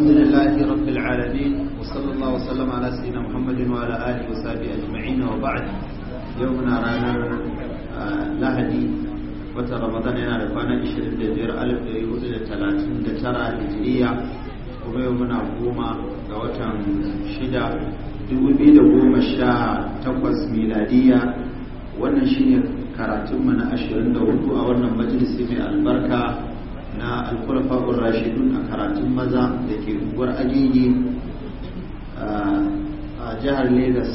الحمد لله رب العالمين وصلى الله وسلم على سيدنا محمد وعلى وصحبه وبعد يومنا رانا لهدي yana da kwana 25,439 hijiriya kuma yau goma ga watan 2018 miladiya wannan shine karatunmu na 24 a wannan majalisi mai albarka na alkulafa'ur rashidun a karatun maza da ke unguwar agege a jihar lagos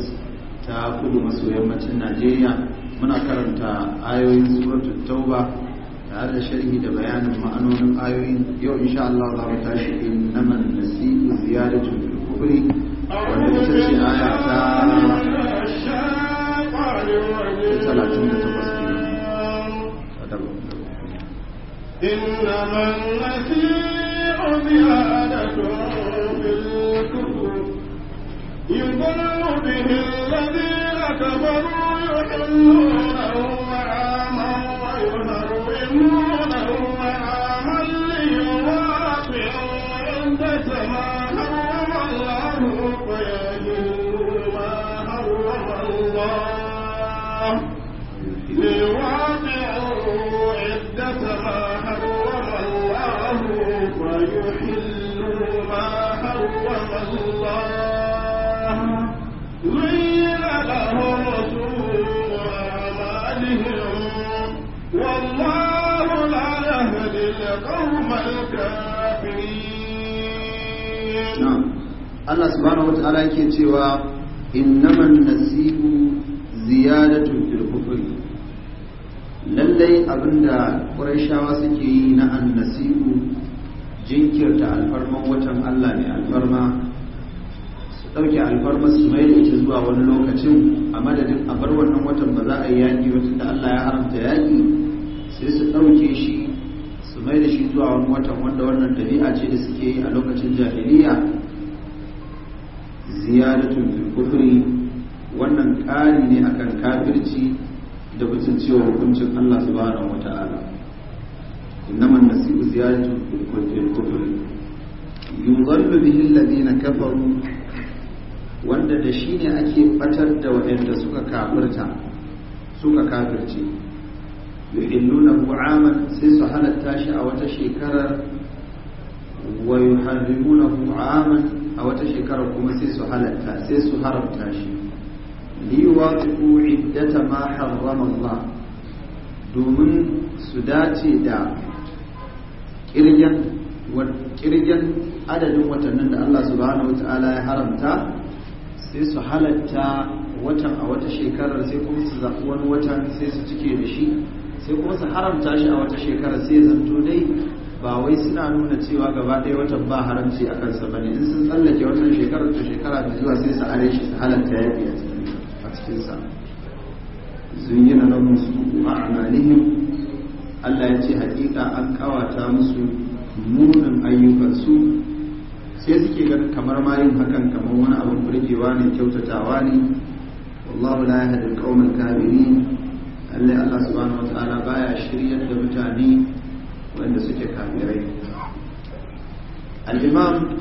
ta kudu maso yammacin najeriya muna karanta ayoyin suratul tauba tare da sharhi da bayanin ma'anonin ayoyin yau insha Allah za mu tashi in nasi'u ziyadatu fil kubri wanda ita ce aya ta 38 إنما المسيح زيادة في الكفر يضل به الذين كفروا يحلونه عاما ويهرمون Allah subhanahu wataala yake cewa innaman nasibu ziyadatun fil kufri lallai abinda quraishawa suke yi na annasibu jinkirta alfarman watan Allah ne alfarma su dauke alfarma su mai da zuwa wani lokacin a madadin a bar wannan watan ba za a yi yaki wata da Allah ya haramta yaki sai su dauke shi su mai da shi zuwa wani watan wanda wannan dabi'a ce da suke yi a lokacin jahiliya ziyaratun fil wannan ƙari ne akan kafirci da cewa hukuncin Allah subhanahu wa ta'ala man nasibu ziyaratun fil kufri yuzallu bihi alladhina kafaru wanda da shi ne ake batar da waɗanda suka kafirta suka kafirce yuhilluna bu'aman sai su halatta shi a wata shekarar wa yuharrimuna bu'aman a wata shekarar kuma sai su halatta sai su haramta shi liwafiqu iddata ma harrama Allah domin su dace da kiryan kiryan adadin watannin da Allah subhanahu wataala ya haramta sai su halatta watan a wata shekarar sai kuma su zaɓi wani watan sai su cike da shi sai kuma su haramta shi a wata shekarar sai zanto dai ba wai suna nuna cewa gaba ɗaya watan ba haramci a kansa bane in sun tsallake watan shekarar ta shekara da zuwa sai su are shi su halatta biya a cikinsa zuyyina lahum a a'malihim Allah ya ce hakika an kawata musu munin ayyukansu sai suke ganin kamar ma yin hakan kamar wani abin burgewa ne kyautatawa ne wallahu la yahdi al-qawmal kafirin Allah Allah subhanahu wa ta'ala baya shiryar da mutane wanda suke kafirai al-imam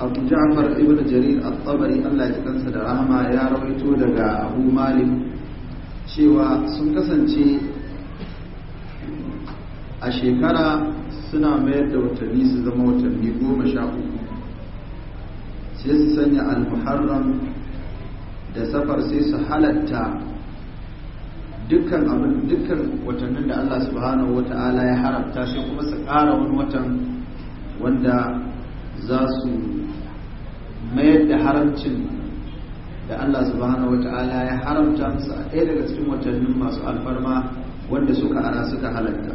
abu ja'far ibn jarir al tabari Allah ya kansa da rahama ya rawaito daga abu malik cewa sun kasance a shekara suna mayar da watanni su zama watanni goma sha uku sai su sanya al-muharram da safar sai su halatta dukkan abin dukkan watannin da Allah subhanahu Ta'ala ya haramta shi kuma su ƙara wani watan wanda za su mayar da haramcin da Allah subhanahu Ta'ala ya haramta musu a ɗaya daga cikin watannin masu alfarma wanda suka ara suka halatta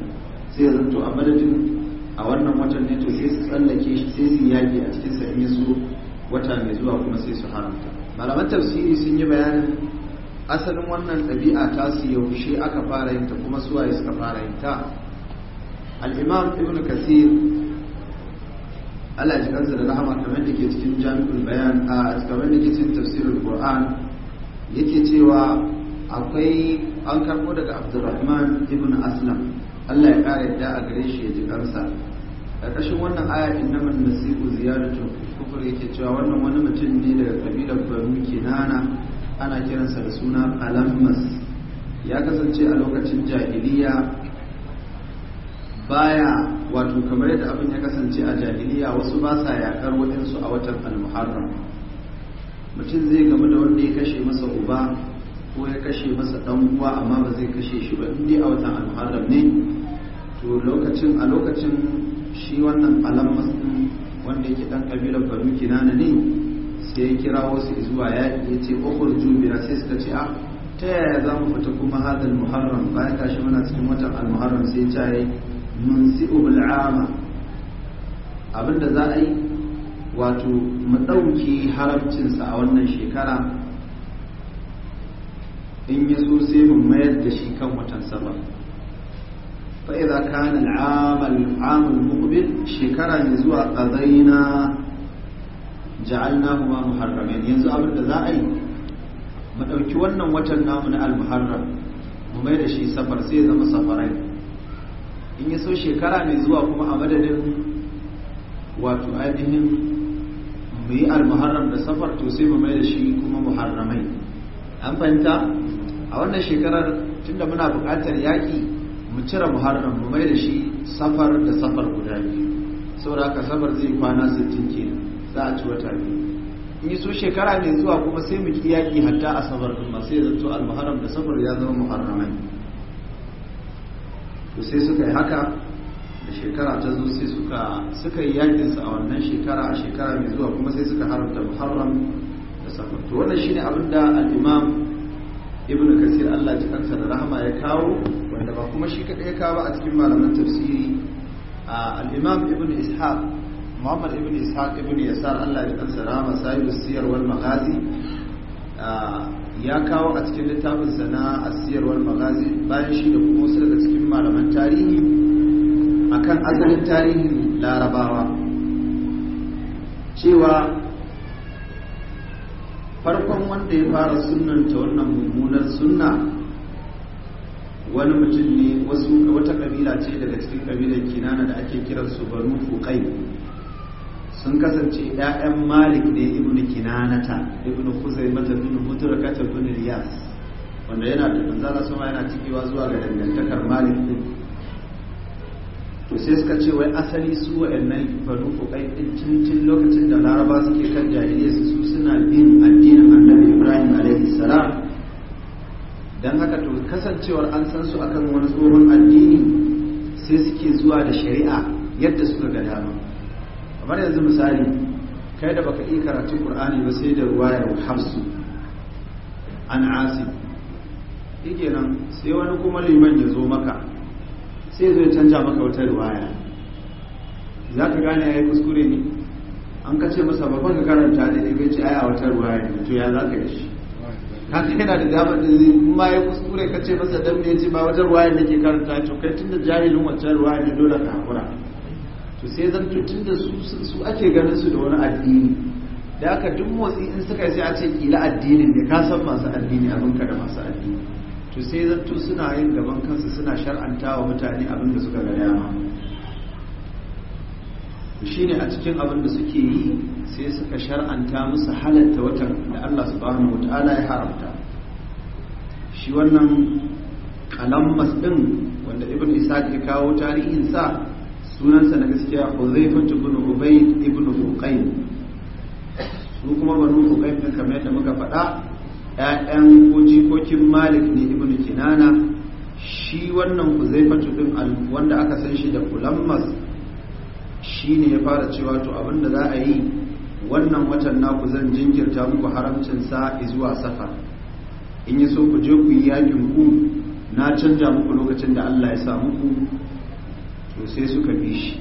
sai to a madadin a wannan watan ne to sai su tsallake shi sai su yaƙi a cikin sa su wata mai zuwa kuma sai su haramta malaman tafsiri sun yi bayanin asalin wannan ɗabi'a ta su yaushe aka fara yin ta kuma suwaye suka fara yin ta al'imam ibn kasir Allah ji kansa da rahama kamar da ke cikin jami'ul bayan a kamar da ke cikin tafsirul qur'an yake cewa akwai an karɓo daga abdurrahman ibn aslam Allah ya ƙara yadda a gare shi ya ji kansa ƙarƙashin wannan aya innamal nasibu ziyaratu kufur yake cewa wannan wani mutum ne daga kabilar banu nana ana kiransa da suna alammas ya kasance a lokacin jahiliya baya wato kamar yadda abin ya kasance a jahiliya wasu ba sa yakar waɗansu a watan almuharram mutum zai gamu da wanda ya kashe masa uba ko ya kashe masa dan uwa amma ba zai kashe shi ba inda a watan almuharram ne to lokacin a lokacin shi wannan alammas din wanda yake ɗan kabilar banu kinana ne sai ya kira wasu zuwa yaƙi ya ce ofar jubiya sai suka ce a ta yaya za mu fita kuma hadal muharram bayan gashi muna cikin watan al-muharram sai ta yi mun si ama abinda za a yi wato mu ɗauki haramcinsa a wannan shekara in ya so sai mu mayar da shi kan watan saba فإذا كان العام العام shekara شكرا zuwa قضينا ja'alna huma muharramin yanzu abin da za a yi mu ɗauki wannan watan namu na al-muharram mu mai da shi safar sai ya zama safarai in ya so shekara mai zuwa kuma a madadin wato ainihin mu yi al-muharram da safar to sai mu mai da shi kuma muharramai an fahimta a wannan shekarar tunda muna buƙatar yaki mu cire muharram mu mai da shi safar da safar guda biyu saboda haka safar zai kwana 60 kenan za a ci wata biyu in yi so shekara mai zuwa kuma sai mu ki yaki hatta a asabar din ma sai zanto al-muharram da safar ya zama muharramai to sai suka yi haka da shekara ta zo sai suka yi yakin sa a wannan shekara a shekara mai zuwa kuma sai suka haramta muharram da sabar to wannan shine abin da al-imam ibn kasir Allah ji kansa da rahama ya kawo wanda ba kuma shi kadai ya kawo a cikin malaman tafsiri al-imam ibn ishaq muhammad ibn ishaq ibn yasar allah ya kansa rahama sahibu siyar wal maghazi ah, ya kawo a cikin littafin sana a siyar wal bayan shi da kuma wasu daga cikin malaman tarihi akan asalin tarihin larabawa cewa farkon wanda ya fara sunnanta wannan mummunar sunna wani mutum ne wata kabila ce daga cikin kabilar kinana da ake kiransu banu fuqai sun kasance ‘ya'yan malik ne ibn kinanata ibn kuzai mata ibn muturakata ibn riyas wanda yana da sama yana cikewa zuwa ga dangantakar malik din to sai suka ce wai asali su wa nan, banu fukai din cincin lokacin da laraba suke kan jahiliya su suna bin addinin annabi ibrahim alaihi salam dan haka to kasancewar an san su akan wani tsohon addini sai suke zuwa da shari'a yadda suka ga dama kamar yanzu misali kai da baka iya karatun qur'ani ba sai da ruwayar hafsu an asib yake nan sai wani kuma liman ya zo maka sai zai canja maka wata ruwaya za ka gane ya yi kuskure ne an kace masa ba ka karanta da ya ce aya wata ruwaya ne to ya za ka yi shi haka yana da damar da zai ma ya kuskure ka ce masa dan me ya ce ba wata ruwaya ne ke karanta to kai tun da jahilin wata ruwaya ne dole ka hakura to sai zan tun da su su ake ganin su da wani addini da aka duk motsi in suka sai a ce kila addinin ne ka san masu addini abinka da masu addini to sai suna yin gaban kansu suna shar'anta wa mutane abin da suka ga dama ne a cikin abin da suke yi sai suka shar'anta musu halatta watan da Allah subhanahu wataala ya haramta shi wannan kalammas din wanda ibn isaac ya kawo sa sunansa na gaskiya huzaifatu ibn ubayd ibn fuqay su kuma banu fuqay din kamar yadda muka faɗa ƴaƴan ko jikokin malik ne ibn kinana shi wannan huzaifatu din wanda aka san shi da shi ne ya fara cewa to abinda za a yi wannan watan naku zan jinkirta muku haramcin sa zuwa safar in yi so ku je ku yi yakin ku na canja muku lokacin da Allah ya sa muku to sai suka bi shi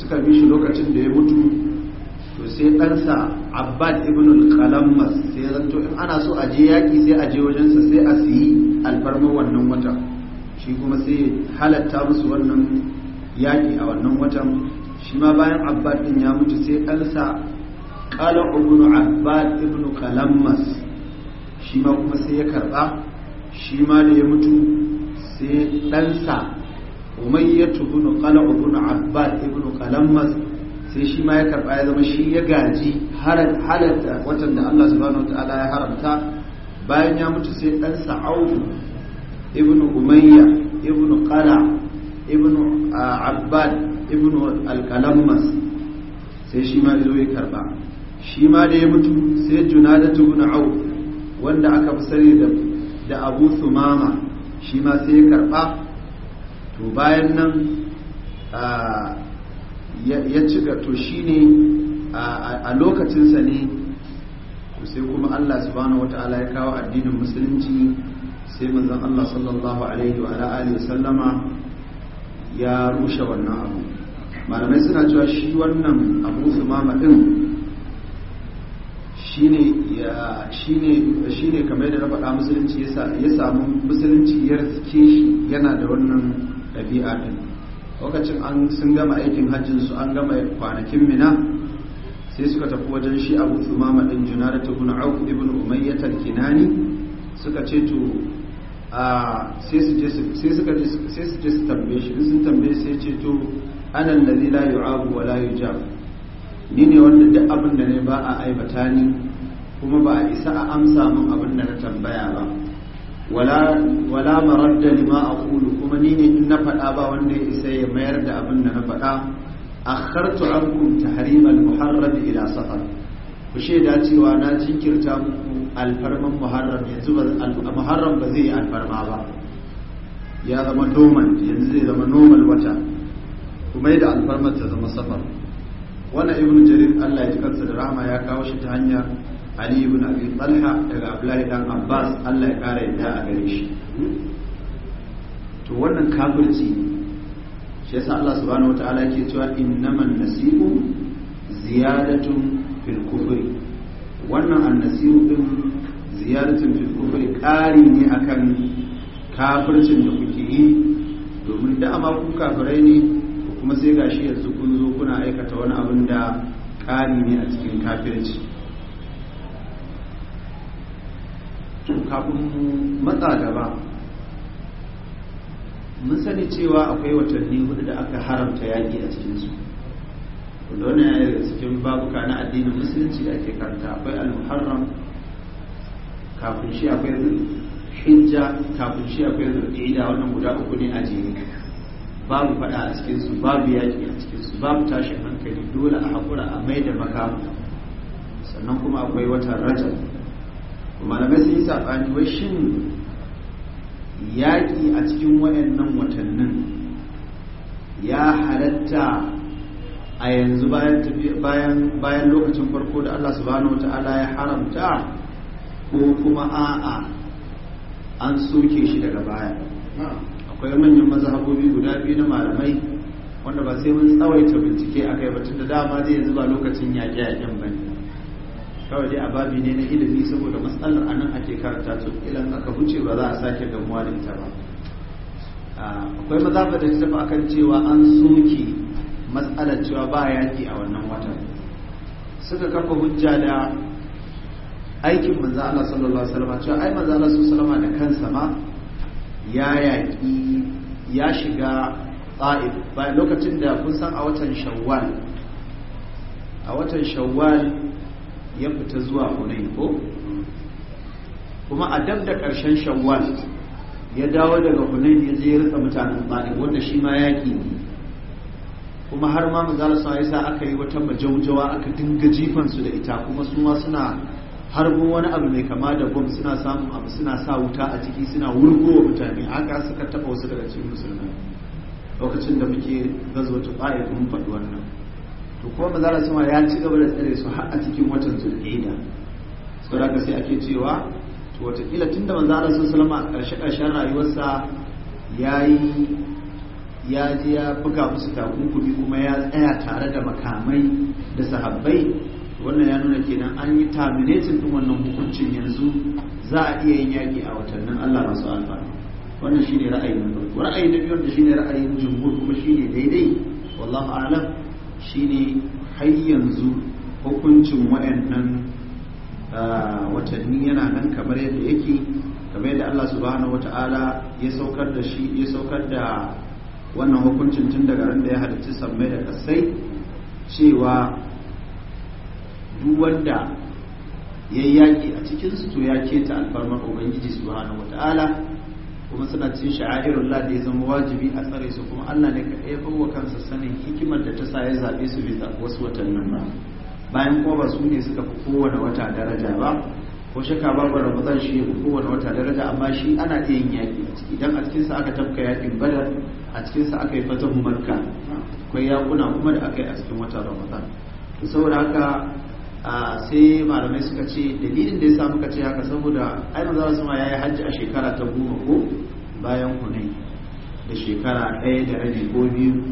suka bi shi lokacin da ya mutu to sai ɗansa abbad ibn al-qalammas sai ya zanto in ana so a je yaƙi sai a je wajensa sai a siyi alfarmar wannan wata shi kuma sai halatta musu wannan yaƙi a wannan watan shi ma bayan abbad din ya mutu sai ɗansa ƙala ibn abbad ibn qalammas shi ma kuma sai ya karɓa shi ma da ya mutu sai ɗansa umayyatu bin qala'u bin abbad ibn qalamas sai shi ma ya karba ya zama shi ya gaji halatta watan da Allah subhanahu wataala ya haramta bayan ya mutu sai dan sa'au ibn umayya ibn qala ibn abbad ibn al-qalammas sai shi ma zo ya karba shi ma da ya mutu sai junadatu bin auf wanda aka fi sani da abu sumama shi ma sai ya karba to bayan nan ya ci to shi ne a lokacinsa ne sai kuma allah subhanahu wata'ala ya kawo addinin musulunci sai manzan allah sallallahu alaihi wa alihi sallama ya rushe wannan abu malamai suna cewa shi wannan abu su mama din shi ne kamar da na faɗa musulunci ya samu musulunci ya riske shi yana da wannan ɗabi'a ɗin lokacin an sun gama aikin hajjin su an gama kwanakin mina sai suka tafi wajen shi abu tsumama ɗin da ta guna auku ibn umayyatar kinani suka ce to sai su je su tambaye shi sun tambaye sai ce to anan da yi abu wa layu ja ni ne wanda duk abin da ne ba a aibata ni kuma ba a isa a amsa min abin da na tambaya ba wala maradda lima aqulu kuma ni ne na faɗa ba wanda ya isa ya mayar da abin da na faɗa akhartu ankum tahrim al-muharram ila safar ku shaida cewa na jinkirta muku alfarman muharram yanzu ba muharram ba zai alfarma ba ya zama doman yanzu zai zama normal wata kuma da alfarmar ta zama safar wannan ibnu jarir Allah ya ji kansa da rahama ya kawo shi ta hanya ali ibn abi talha daga abdullahi dan abbas Allah ya kara yadda a gare shi to wannan kafirci shi yasa Allah subhanahu wataala yake cewa innaman nasibu ziyadatun fil kufri wannan annasiru din ziyadatun fil kufri ƙari ne akan kafircin da kuke yi domin da dama ku kafirai ne kuma sai gashi yanzu kun zo kuna aikata wani abin da ƙari ne a cikin kafirci kafin mu matsa gaba mun sani cewa akwai watanni hudu da aka haramta yaƙi a cikinsu wanda wani ya daga cikin babuka na addinin musulunci da ake karanta akwai al-muharram kafin shi akwai hijja kafin shi akwai zulqa'ida wannan guda uku ne a jere babu faɗa a cikinsu babu yaƙi a cikinsu babu tashin hankali dole a haƙura a mai da makamu sannan kuma akwai watan rajab malamai sun yi saɓani wai shin yaƙi a cikin waɗannan watannin ya halatta a yanzu bayan lokacin farko da Allah subhanahu wata'ala ya haramta ko kuma a'a an soke shi daga baya akwai manyan mazhabobi guda biyu na malamai wanda ba sai mun tsawaita bincike a kai ba tun da dama zai yanzu ba lokacin yaƙe-yaƙen ba ne kawai dai a babi ne na ilimi saboda matsalar a nan ake karanta su ilan aka huce ba za a sake gamuwa da ita ba ah, akwai mazafa da ta a kan cewa an soke matsalar cewa ba yaƙi a wannan watan suka kafa hujja da aikin manzo Allah sallallahu alaihi wasallam cewa ai manzo Allah sallallahu alaihi da kansa ma ya yaƙi ya shiga ta'if bayan lokacin da kun san a watan shawwal a watan shawwal ya fita zuwa hunain ko kuma a dab da ƙarshen shawwal ya dawo daga hunain ya je ya rika mutanen bani wanda shi ma yaƙi ne kuma har ma mu sa ya sa aka yi wata majaujawa aka dinga jifan su da ita kuma su ma suna harbin wani abu mai kama da bom suna samun abu suna sa wuta a ciki suna wurgowa mutane aka suka taɓa wasu daga cikin musulmai lokacin da muke gazo ta mun faɗi wannan to kuma sama ya ci gaba da tsare su har a cikin watan zulhida saboda ka sai ake cewa to watakila tunda manzara sun salama a ƙarshe ƙarshen rayuwarsa ya yi ya ji ya buga musu takunkumi kuma ya tsaya tare da makamai da sahabbai wannan ya nuna kenan an yi terminating din wannan hukuncin yanzu za a iya yin yaƙi a watannin Allah masu alfanu wannan shine ra'ayi na farko ra'ayi na biyu wanda shine ra'ayin jumhur kuma shine daidai wallahu a'lam shine har yanzu hukuncin waɗannan watanni yana nan kamar yadda yake kamar yadda Allah subhanahu wata'ala ya saukar da shi ya saukar da wannan hukuncin tun daga ran da ya halarci samme da kasai cewa duk wanda ya yaki a cikin su to ya keta alfarmar ubangiji subhanahu wata'ala kuma suna cin sha'airun da ya zama wajibi a tsare su kuma Allah ne ka ya wa kansa sanin hikimar da ta sa ya zaɓe su bisa wasu watannin ba bayan kuma ba su ne suka fi kowane wata daraja ba ko shaka babu ramadan shi fi kowane wata daraja amma shi ana iya yin yaƙi a ciki idan a cikinsa aka tafka yaƙin badar a cikinsa aka yi fatan makka akwai yaƙuna kuma da aka yi a cikin wata ramadan saboda haka sai malamai suka ce dalilin da ya sa muka ce haka saboda ai manzo sama yayi hajji a shekara ta goma ko bayan ne da shekara ɗaya da rabi ko biyu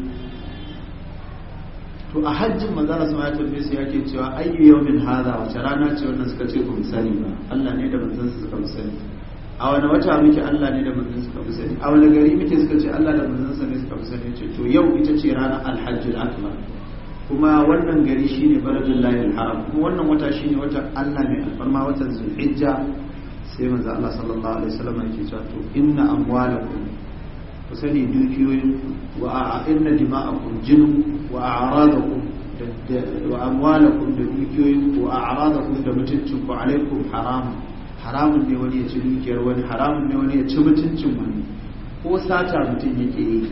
to a hajjin mazara suma ya tafi su yake cewa ayyu yawmin hadha wace rana ce wannan suka ce ku sani ba Allah ne da manzon sa suka sani a wani wata muke Allah ne da manzon suka sani a wani gari muke suka ce Allah da manzon sa ne suka sani ce to yau ita ce ranar alhajjul akbar kuma wannan gari shine baladul layin haram kuma wannan wata shine wata Allah mai alfarma watan zulhijja sai manzo Allah sallallahu alaihi wasallam yake cewa to inna amwalakum ku sani dukiyoyin wa inna dima'akum jinu wa a'radakum wa amwalakum da dukiyoyin wa a'radakum da mutuncin ku alaikum haram haramun ne wani ya ci dukiyar wani haramun ne wani ya ci mutuncin wani ko sata mutum yake yi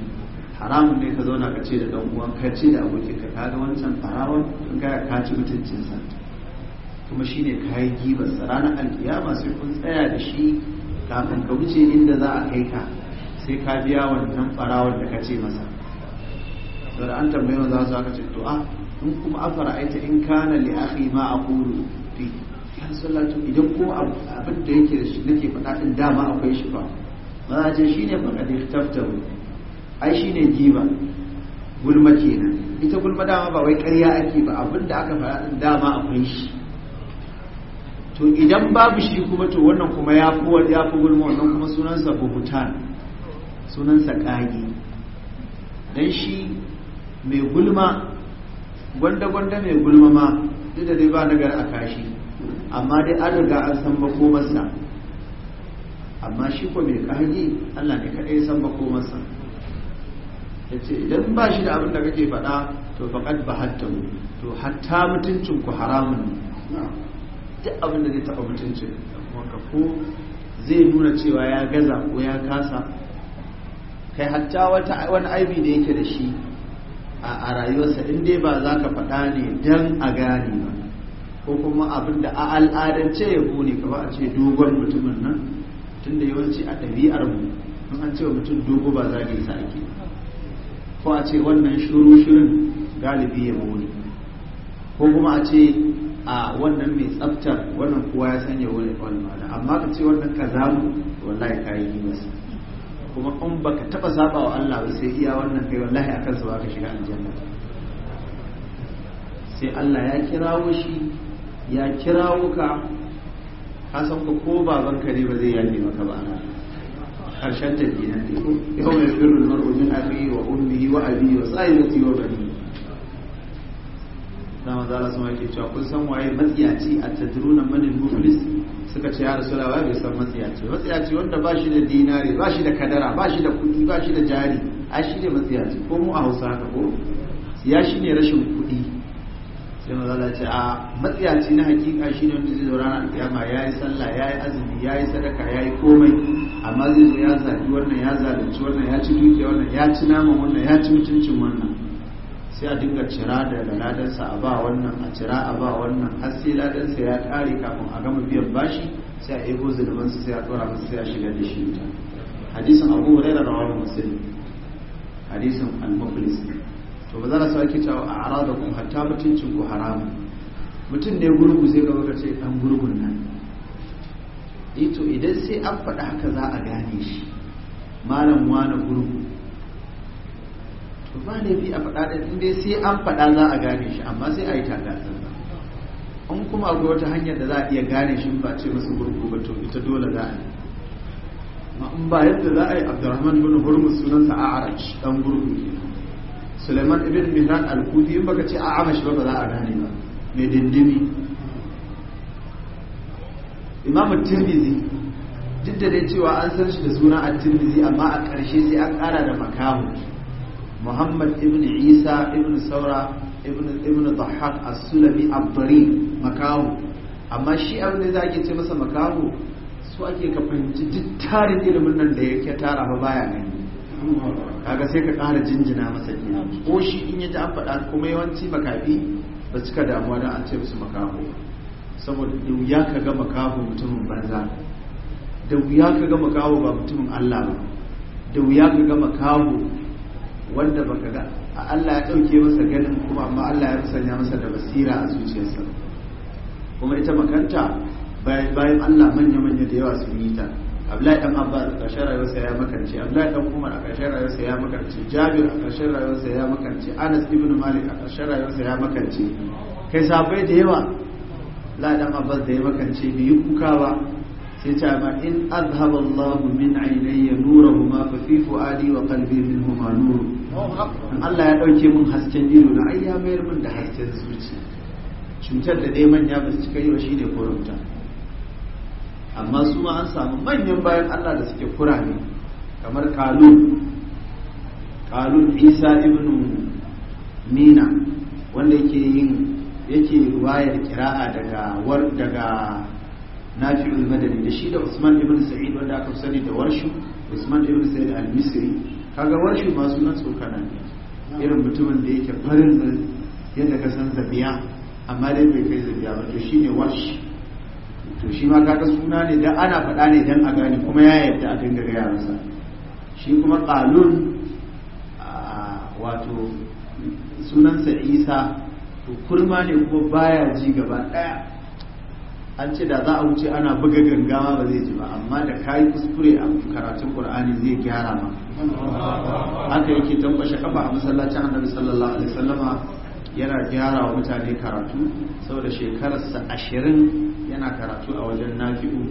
haramun ne ka zauna ka ce da dan uwan ka ce da abokin ka kaga wancan farawan in ga ka ci mutuncinsa kuma shine kai gibar sa ranar alkiyama sai kun tsaya da shi kafin ka wuce inda za a kai ka sai ka biya wannan farawar da ka ce masa saboda an tambaye za su aka ce to a ah, in kuma afara aita in kana li akhi ma aqulu fi ya sallatu idan ko abin da yake da shi nake faɗa din dama akwai shi ba ce shine fa kad ai shi ne giba gulma kenan ita gulma dama ba wai karya ake ba abinda da aka faɗa dama akwai shi to idan babu shi kuma to wannan kuma ya fi ya fi gulma wannan kuma sunansa buhutan sunansa ƙage dan shi mai gulma gwanda-gwanda mai gulma ma duk da dai ba nagar a kashi amma dai an riga an san makomarsa amma shi ko mai ƙage allah ne kaɗai san makomarsa yace idan ba shi da abin da kake faɗa to faƙad ba hatta mu to hatta mutuncin ku haramun duk abin da zai taɓa mutuncin ka ko zai nuna cewa ya gaza ko ya kasa kai hatta wani aibi da yake da shi a rayuwarsa in dai ba za ka faɗa ne dan a gane ba ko kuma abin da a al'adance ya ne ba a ce dogon mutumin nan tunda yawanci a ɗabi'ar mu an ce mutum dogo ba za ka yi sa ake ko a ce wannan shuru shirin galibi ya ne ko kuma a ce a wannan mai tsaftar wannan kowa ya sanya wani walmala amma ka ce wannan ka zamu wallahi ka yi masa kuma in baka taba saba wa Allah ba sai iya wannan kai wallahi akan sa ka shiga aljanna sai Allah ya kirawo shi ya kirawo ka ka san ko ka ne ba zai yafe maka ba harshen da kenan yau mai firin mar'u min akhi wa ummihi wa abi wa sa'ilati wa bani da manzo Allah suna yake cewa kun san waye matsiyaci a tadruna manil muflis suka ce ya rasulullah ba bai san matsiyaci matsiyaci wanda ba shi da dinari ba shi da kadara ba shi da kudi ba shi da jari a shi ne matsiyaci ko mu a Hausa haka ko ya shi ne rashin kudi sai manzo Allah ce a matsiyaci na hakika shi ne wanda zai zo ranar ya yi sallah ya yi azumi ya yi sadaka ya yi komai amma zai zai ya zaɓi wannan ya zalunci wannan ya ci duke wannan ya ci naman wannan ya ci mutuncin wannan sai a dinga cira da ladarsa a ba wannan a cira a ba wannan har sai ladarsa ya ƙare kafin a gama biyan bashi sai a ego zulmansa sai a tsora masa sai a shiga da shi wuta hadisin abu hurairah rawahu muslim hadisin al-muflis to ba za a sake cewa a arada kun hatta mutuncin ku haramu mutum ne gurgu zai gaba ka ce dan gurgun nan ito eh, idan sai an faɗa haka za a gane shi malam wani gurgu to ba bi a faɗa da inda sai an faɗa za a gane shi amma sai a yi tagatsan an kuma akwai wata hanyar da za a iya gane shi ba ce masu gurgu ba to ita dole za a yi ma in ba yadda za a yi abdurrahman bin hurmus sunansa a arash dan gurgu ke suleiman ibn mihran al-kudi in baka ce a amash ba ba za a gane ba mai dindimi imamu tirmizi duk da dai cewa an san shi da suna a tirmizi amma a ƙarshe sai an ƙara da makamu muhammad ibn isa ibn saura ibn ibn dhahhak as-sulami abdari makamu amma shi abin da zaki ce masa makamu su ake ka fahimci duk tarin ilimin nan da yake tara ba baya gani kaga sai ka ƙara jinjina masa kenan ko shi in ya ji an faɗa kuma yawanci makafi ba cika damuwa don an ce musu makamu saboda da wuya ka gama kawo mutumin banza da wuya ka gama kawo ba mutumin Allah ba da wuya ka gama kawo wanda baka ga Allah ya ɗauke masa ganin kuma amma Allah ya sanya masa da basira a zuciyarsa kuma ita makanta bayan bayan Allah manya-manya da yawa sun yi ta Abdullahi dan Abba a ƙarshen rayuwarsa ya makance Abdullahi dan Umar a ƙarshen rayuwarsa ya makance Jabir a ƙarshen rayuwarsa ya makance Anas ibn Malik a ƙarshen rayuwarsa ya makance kai sabai da yawa ladan abbas da ya makance bi yi kuka ba sai ce amma in azhaba Allah min aynayya nurahuma fa fi fuadi wa qalbi minhuma nur in Allah ya dauke mun hasken ido na ayya ya mayar mun da hasken zuci cutar da dai manya ba su cika yi ba shine korunta amma su ma an samu manyan bayan Allah da suke kura ne kamar kalu kalu isa ibnu mina wanda yake yin yake riwayar kira'a daga war daga nafi'ul madani da shi da usman ibn sa'id wanda aka sani da warshu usman ibn sa'id al-misri kaga warshu ba sunan tsokana ne irin mutumin da yake barin yadda ka san zabiya amma dai bai kai zabiya ba to shine warshu. to shi ma kaga suna ne da ana faɗa ne dan a gane kuma ya yarda a dinga gaya masa shi kuma qalun wato sunansa isa to kurma ne kuma baya ji gaba daya an ce da za a wuce ana buga gangawa ba zai ji ba amma da kayi kuskure a karatun qur'ani zai gyara ma haka yake tambashe kafa a masallacin annabi sallallahu alaihi wasallama yana gyara wa mutane karatu saboda shekararsa ashirin yana karatu a wajen nafi'u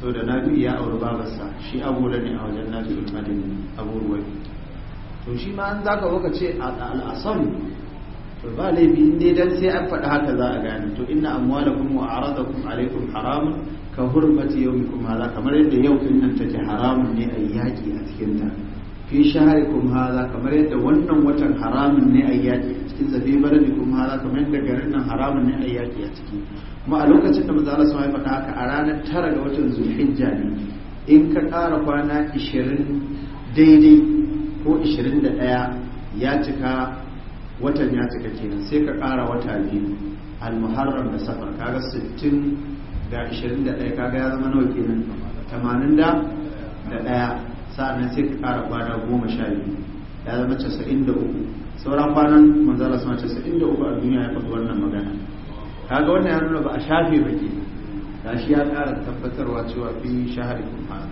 saboda nafi'u ya auri babarsa shi agola ne a wajen nafi'u madani abubuwa. to shi ma an zaka ka ce a al'asam to ba laifi in dai dan sai an faɗi haka za a gane to inna amwalakum wa aradakum alaikum haramun ka hurmati yawmikum hadha kamar yadda yau din nan take haramun ne a yaki a cikin ta fi shaharikum hadha kamar yadda wannan watan haramun ne a yaki a cikin sa fi baradikum hadha kamar yadda garin nan haramun ne a yaki a ciki kuma a lokacin da manzo Allah sai faɗa haka a ranar 9 ga watan Zulhijja ne in ka ƙara kwana 20 daidai ko 21 ya cika watan ya cika kenan sai ka ƙara wata biyu almuharram da safar kaga 60 da 21 kaga ya zama nawa kenan 80 da da daya sa'annan sai ka ƙara kwana goma sha biyu ya zama 93 sauran kwanan manzala sama 93 a duniya ya faɗi wannan magana kaga wannan ya nuna ba a shafe ba ke da shi ya ƙara tabbatarwa cewa fi shahari kuma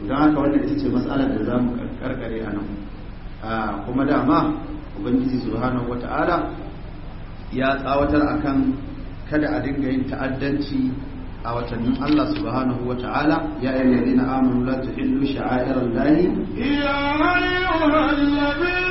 to don haka wannan ita ce matsalar da za mu karkare a nan ah, kuma dama ubangiji subhanahu wata'ala ya tsawatar akan kada a dinga yin ta'addanci a watannin Allah subhanahu wata'ala ya ayyuhallazina amanu la tuhillu sha'airallahi ya ayyuhallazina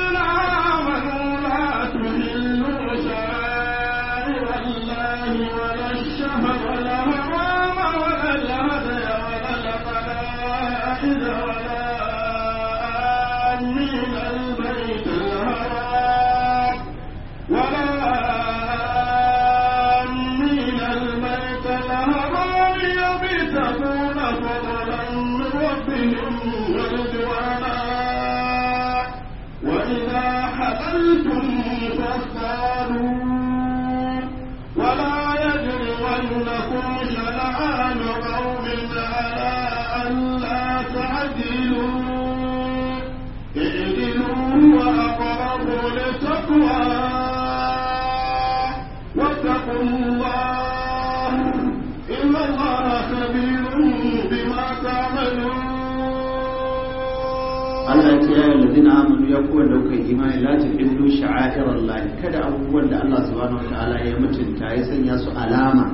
iman la tuhillu sha'air Allah kada abubuwan da Allah subhanahu wataala ya mutunta ya sanya su alama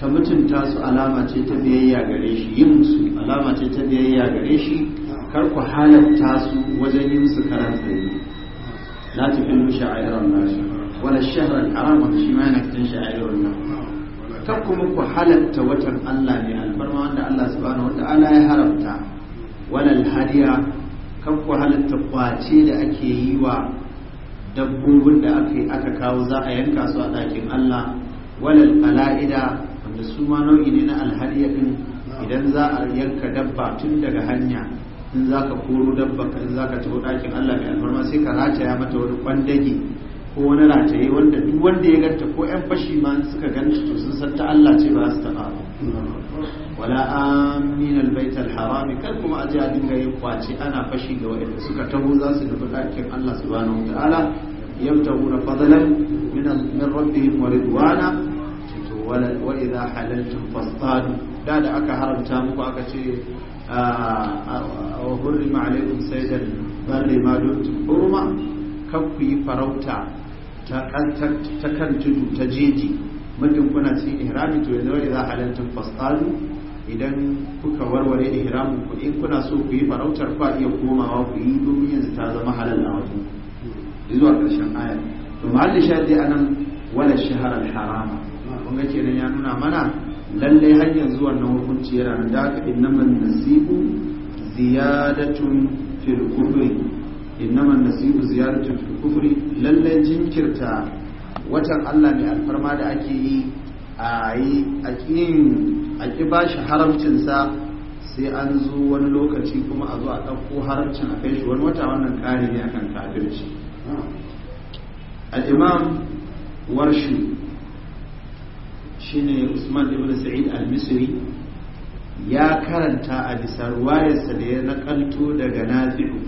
ta mutunta su alama ce ta biyayya gare shi yin su alama ce ta biyayya gare shi kar ku halatta su wajen yin su karan tsaye la tuhillu sha'air Allah wala shahr al-haram shi ma yana cikin sha'air Allah kar kuma ku halatta watan Allah ne alfarma wanda Allah subhanahu wataala ya haramta walal hadiya kanku halitta kwace da ake yi wa dabbobin da aka kawo za a yanka su a dakin Allah walal ala'ida wanda su ma nau'i ne na alhariya din idan za a yanka dabba tun daga hanya in za ka koro dabba in za ka taho ɗakin Allah mai alfarma sai ka rataya mata wani kwandage ko wani rataye wanda duk wanda ya ganta ko 'yan fashi ma suka ganta to sun san ta Allah ce ba su taɓa ba wala amin albayt harami kar kuma aje a dinga yin kwaci ana fashi ga waanda suka taho za su nufi ɗakin Allah subhanahu wataala yabtaguna fadlan min min rabbihim wa ridwana to wa idha halaltum fastadu da da aka haramta muku aka ce wa hurrima alaikum saydan barri ma dumtum hurma kakku yi farauta ta kan tudu ta jeji muddin kuna cikin ihrami to yanzu wani za halaltun fastalu idan kuka warware ihramin ku in kuna so ku yi farautar ku iya komawa ku yi domin yanzu ta zama halal a wajen zuwa ƙarshen aya to mahallin shahadi anan wala shahar al-harama kun ga kenan ya nuna mana lallai hanyar zuwa na hukunci yana da aka innaman nasibu ziyadatun fil kufri innaman nasibu ziyadatun fil kufri lallai jinkirta watan Allah mai alfarma da ake yi a yi a ƙin a ƙi ba shi haramcinsa sai an zo wani lokaci kuma a zo a ɗauko haramcin a kai shi wani wata wannan ƙari ne akan kafirci al-imam warshi shine usman ibn sa'id al-misri ya karanta a bisa ruwayarsa da ya nakalto daga nafi'u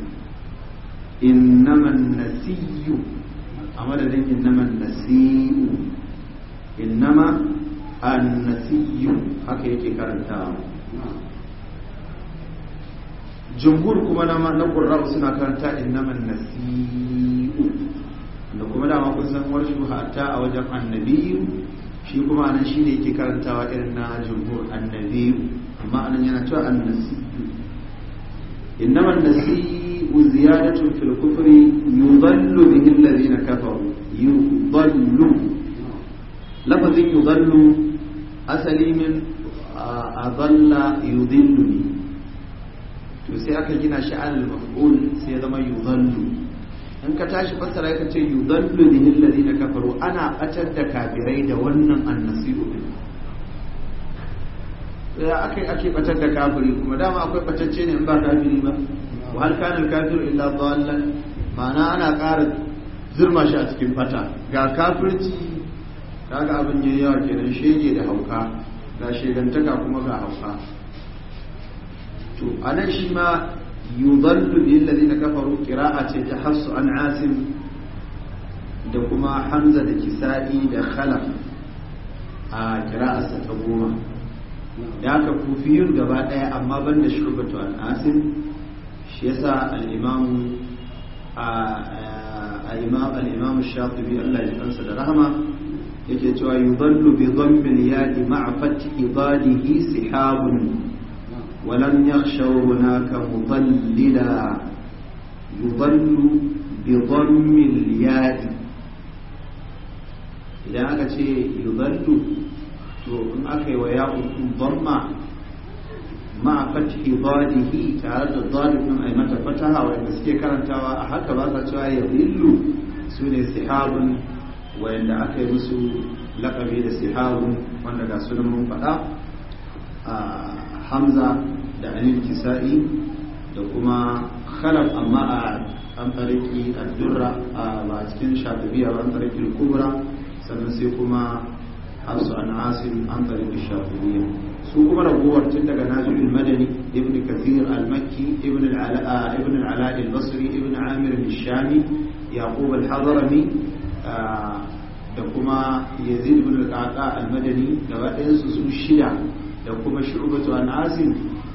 innaman nasiyu a madadin innama nasi'u innama annasiyu haka yake karanta jumhur kuma na ƙurra'u suna karanta innaman nasiyu da kuma dama kun san wani ta a wajen annabiyu shi kuma anan shi ne yake karantawa irin na jumhur annabiyu amma anan yana cewa annasiyu innaman nasiyu وزيادة في الكفر يضل به الذين كفروا يضل لفظ يضل أسلي من أضل يضلني تسيأك جنا شعال المفعول سيدما يضل in ka tashi fassara ka ce yudallu bihi alladhina kafaru ana batar da kafirai da wannan annasiru ya akai ake batar da kafiri kuma dama akwai batacce ne in ba kafiri ba wa hal kana kafiru illa dhallan ma'ana ana ƙara zirma shi a cikin fata ga kafirci kaga abin yayi yawa kenan shege da hauka ga shegantaka kuma ga hauka to anan shi ma yudallu lil ladina kafaru qira'a ce tahassu an asim da kuma hamza da kisa'i da khalaf a qira'arsa ta goma da aka kufiyun gaba daya amma banda shurbatu an asim shi yasa al-imam al-imam Allah ya kansa da rahama yake cewa yudallu bi dhammil yadi ma'a fathi dadihi sihabun ولم يخشوا هناك مضللا يضل بضم الياء idan aka ce yuballu to in aka yi wa ya'u dhamma ma fathi dalihi tare da dalibin ai mata fataha wanda suke karantawa a haka ba sa cewa ya dillu su ne sihabun wanda aka yi musu lakabi da sihabun wanda ga sunan mun faɗa a hamza da alif kisa'i da kuma khalaf amma a an tariki ad a ba cikin shafi'iyya ba an tariki kubra sannan sai kuma hafsu an asim an tariki shafi'iyya su kuma ragowar tun daga nazirul madani ibn kathir al-makki ibn al-ala ah, ibn al-ala al-basri ibn amir al-shami yaqub al-hadrami ah, da kuma yazid ibn al-qaqa al-madani da waɗansu su shida da kuma shu'batu an asim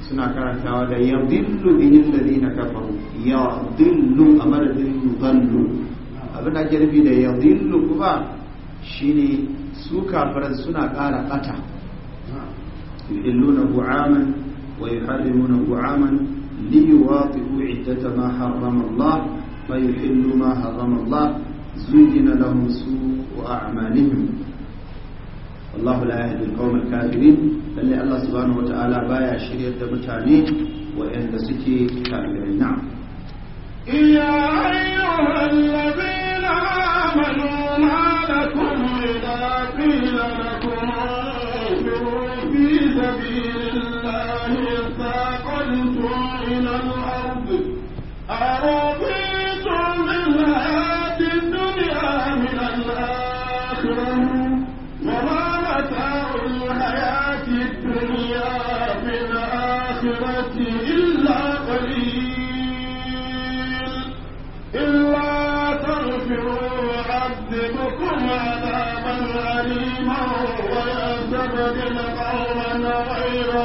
suna karantawa da yadillu bihi alladhina kafaru yadillu amaradin yudallu abin da ake nufi da yadillu kuma shine su kafiran suna ƙara ƙata يحلونه عاما ويحرمونه عاما ليواطئوا عدة ما حرم الله فيحلوا ما حرم الله زين لهم سوء أعمالهم والله لا يهدي القوم الكافرين لأن الله سبحانه وتعالى بايع شريعة متاني وإن سكي كافرين نعم يا أيها الذين آمنوا ما لكم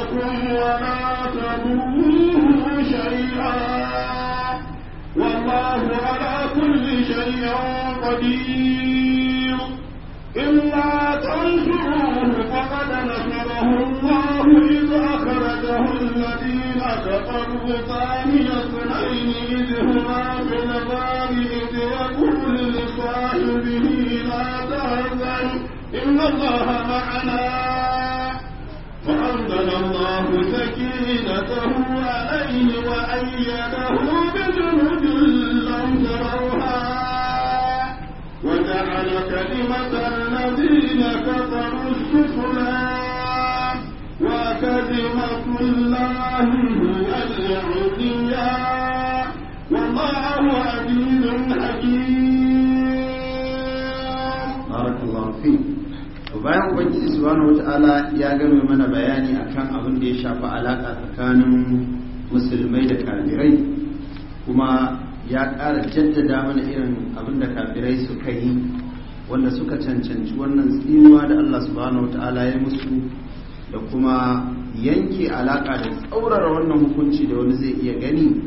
لكم ولا تضروه شيئا والله على كل شيء قدير إلا تنفعوه فقد نشره الله إذ أخرجه الذين كفروا ثاني اثنين إذ هما في الغار إذ يقول لصاحبه لا تهزن إن الله معنا الله سكينته عليه وأيده بجنود لم تروها وجعل كلمة الذين كفروا السفلى وكلمة الله هي العليا والله عزيز حكيم بارك الله فيك وبعد ubangiji subhanahu wata'ala ya game mana bayani da ya shafi alaƙa tsakanin musulmai da kafirai kuma ya ƙara jaddada mana irin abin da kafirai suka yi wanda suka cancanci wannan tsinuwa da Allah subhanahu wata'ala ya musu da kuma yanke alaƙa da tsaurara wannan hukunci da wani zai iya gani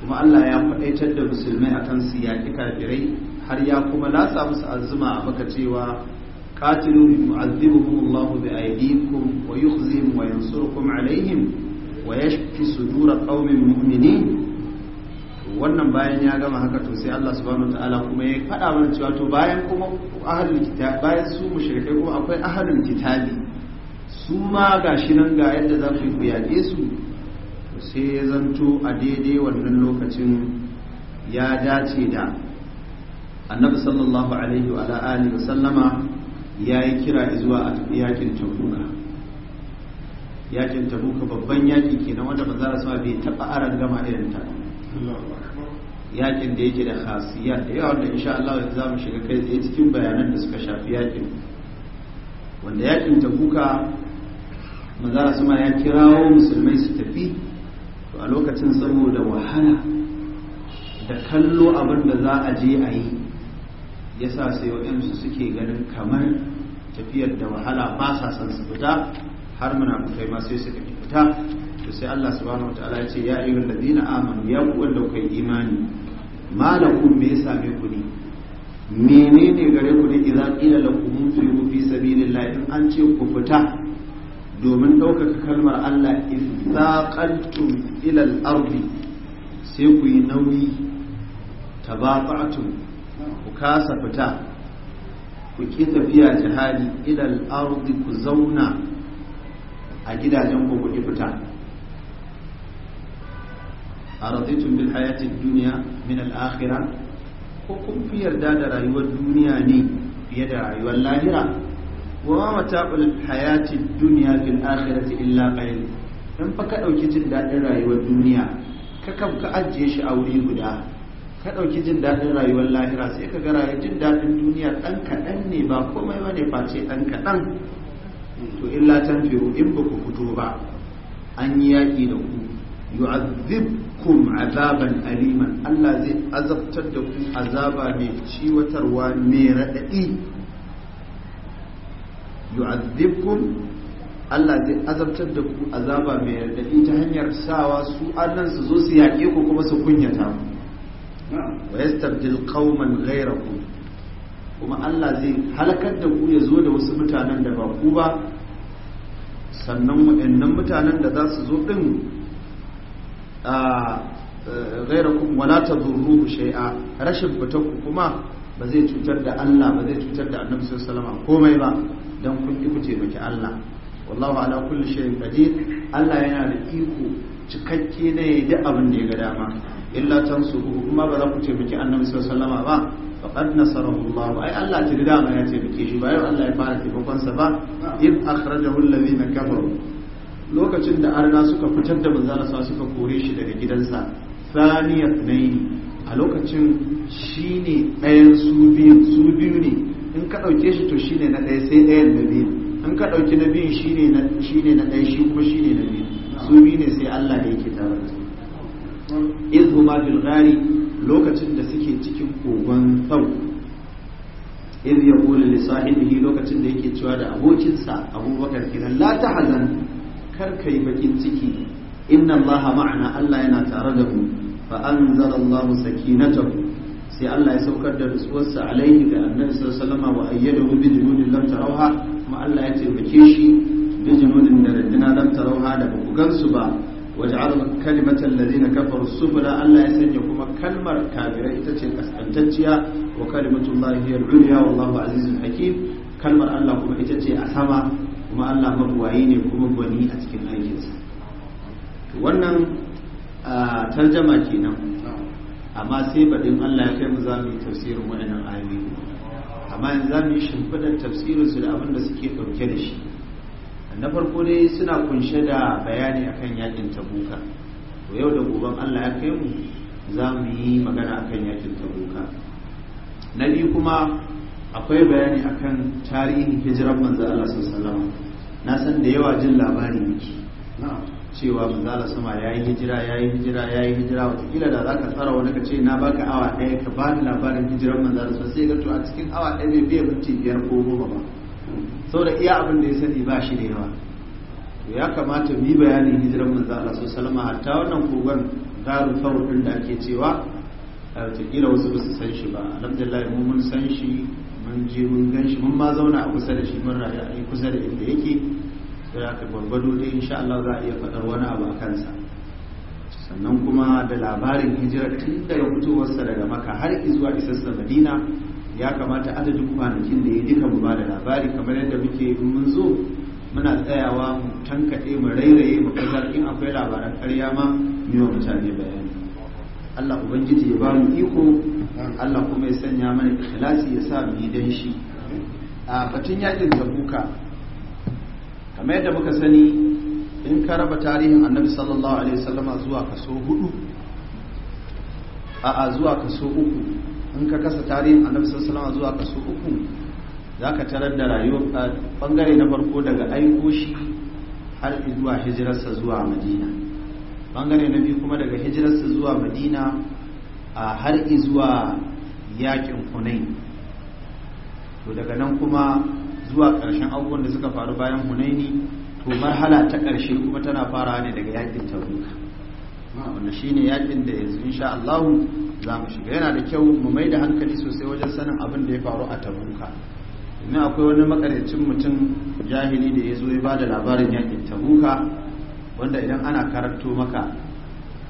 kuma Allah ya faɗaitar da musulmai a akan su yaƙi kafirai har ya kuma lasa musu azuma a baka cewa قاتلوا يعذبهم الله بأيديكم ويخزيهم وينصركم عليهم ويشفي صدور قوم مؤمنين wannan bayan ya gama haka to sai Allah subhanahu wataala kuma ya faɗa mana cewa to bayan kuma ahlul kitab bayan su mushrikai kuma akwai ahlul kitabi su ma gashi nan ga yadda za ku yaƙe su to sai ya zanto a daidai wannan lokacin ya dace da annabi sallallahu alaihi wa alihi wa sallama ya yi kira zuwa a tafi yakin tabuka yakin tabuka babban yaki ke na wanda manzara sama bai taɓa aran gama irin ta yakin da yake da hasiya da yawa wanda insha Allah za mu shiga kai tsaye cikin bayanan da suka shafi yakin wanda yakin tabuka manzara sama ya kirawo musulmai su tafi to a lokacin saboda wahala da kallo abin da za a je a yi ya sa sai waɗansu suke ganin kamar tafiyar da wahala ba sa san su fita har munafukai ma sai suka fita to sai Allah subhanahu wataala ya ce ya ayyuhal ladina amanu ya ku wanda kuka yi imani malakum me yasa me ku ne menene gare ku ne idan qila lakum tunfiru fi sabilillah in an ce ku fita domin ɗaukaka kalmar Allah izaqaltum ila al-ardi sai ku yi nauyi tabata'tum kasa fita ku ƙi tafiya jihadi ilal ardi ku zauna a gidajen ku ku ƙi fita araditum bil hayati duniya min al akhirah ko kun fi yarda da rayuwar duniya ne fiye da rayuwar lahira wa ma mata'ul hayati dunya fil akhirati illa qalil dan fa ka dauki jin dadin rayuwar duniya ka kam ka ajiye shi a wuri guda ka ɗauki jin daɗin rayuwar lahira sai ka ga jin daɗin duniya ɗan kaɗan ne ba komai ba ne face ɗan kaɗan to illa tanfiru in ba ku fito ba an yi yaƙi da ku yu'azzibkum azaban aliman Allah zai azabtar da ku azaba mai ciwatarwa mai raɗaɗi yu'azzibkum Allah zai azabtar da ku azaba mai raɗaɗi ta hanyar sawa su annan su zo su yaƙe ku kuma su kunyata ku wa yastabdil qauman ghayrakum kuma Allah zai halakar da ku ya zo da wasu mutanen da ba ku ba sannan waɗannan mutanen da za su zo din a ghayrakum wala tadurruhu shay'a rashin ku kuma ba zai cutar da Allah ba zai cutar da Annabi sallallahu alaihi komai ba dan kun ki ku Allah wallahu ala kulli shay'in qadir Allah yana da iko cikakke ne da abin da ya ga dama illa tansuruhu kuma ba za ku taimaki annabi sallallahu alaihi ba qad nasarahu Allah ai Allah ta ma ya taimake shi bayan Allah ya fara taimakon sa ba in akhrajahu alladhina kafaru lokacin da arna suka fitar da sa suka kore shi daga gidansa saniyat naini a lokacin shine ɗayan su biyu su biyu ne in ka ɗauke shi to shine na ɗaya sai ɗayan na biyu in ka ɗauki na biyu shine na ɗaya shi kuma shine na biyu su biyu ne sai Allah da yake tare da su iz ma fil gari lokacin da suke cikin kogon sau iz yaqulu li sahibihi lokacin da yake cewa da abokinsa abubakar kiran la tahzan kar kai bakin ciki inna allaha ma'ana allah yana tare da mu fa anzalallahu sakinatahu sai Allah ya saukar da rusuwarsa alaihi ga annabi sallallahu wa ayyadahu bi junudin lam tarauha kuma Allah ya taimake shi bi junudin da rindina lam tarauha da baku gansu ba waj'al kalimatal ladina kafaru sufla Allah ya sanya kuma kalmar kafirai ita ce kaskantacciya wa kalimatullahi hiya al-ulya wallahu azizun hakim kalmar Allah kuma ita ce a sama kuma Allah mabuwayi ne kuma gwani a cikin aikinsa wannan tarjama kenan amma sai baɗin Allah ya kai mu za mu yi tafsirin waɗannan ayoyi amma yanzu za mu yi shimfiɗar tafsirinsu da abin da suke ɗauke da shi na farko dai suna kunshe da bayani akan yakin tabuka to yau da goben allah ya kai mu za mu yi magana akan yakin tabuka na biyu kuma akwai bayani akan tarihin hijiran manzo allah sallallahu na san da yawa jin labari miki cewa manzo allah sama ya yi hijira ya yi hijira ya yi hijira watakila da za ka tsara wani ka ce na baka awa ɗaya ka bani labarin hijiran manzo allah sai ga to a cikin awa ɗaya bai biya mutum biyar ko goma ba Sau da iya abin da ya sani ba shi da yawa to ya kamata mu yi bayanin hijiran manzo Allah sallallahu alaihi hatta wannan kogon daru fawr din da ake cewa wataƙila wasu ba su san shi ba alhamdulillah mu mun san shi mun je mun gan shi mun ma zauna a kusa da shi mun rayu a kusa da inda yake sai aka gwargwado dai insha Allah za a iya faɗar wani abu a kansa sannan kuma da labarin hijira tun daga fitowarsa daga maka har zuwa isassa madina ya kamata adadin kwanakin da ya duka mu ba da labari kamar yadda muke mun zo muna tsayawa mu tankaɗe mu rairaye mu kazar in akwai labaran ƙarya ma mu wa mutane bayani Allah ubangiji ya ba mu iko Allah kuma ya sanya mana ikhlasi ya sa mu yi dan shi a batun yakin zabuka kamar yadda muka sani in ka raba tarihin annabi sallallahu alaihi wasallama zuwa kaso hudu a'a zuwa kaso uku in ka kasa tarihin annabi sallallahu alaihi zuwa kaso uku za ka tarar da rayuwar bangare na farko daga aiko shi har zuwa hijirarsa zuwa madina bangare na biyu kuma daga hijirarsa zuwa madina a har zuwa yakin hunain to daga nan kuma zuwa ƙarshen abubuwan da suka faru bayan hunaini to marhala ta ƙarshe kuma tana fara ne daga yakin tabuka wanda ne yakin da yanzu insha Allah za mu shiga yana da kyau mu mai da hankali sosai wajen sanin abin da ya faru a tabuka domin akwai wani makarancin mutum jahili da ya zo ya ba da labarin yakin tabuka wanda idan ana karanto maka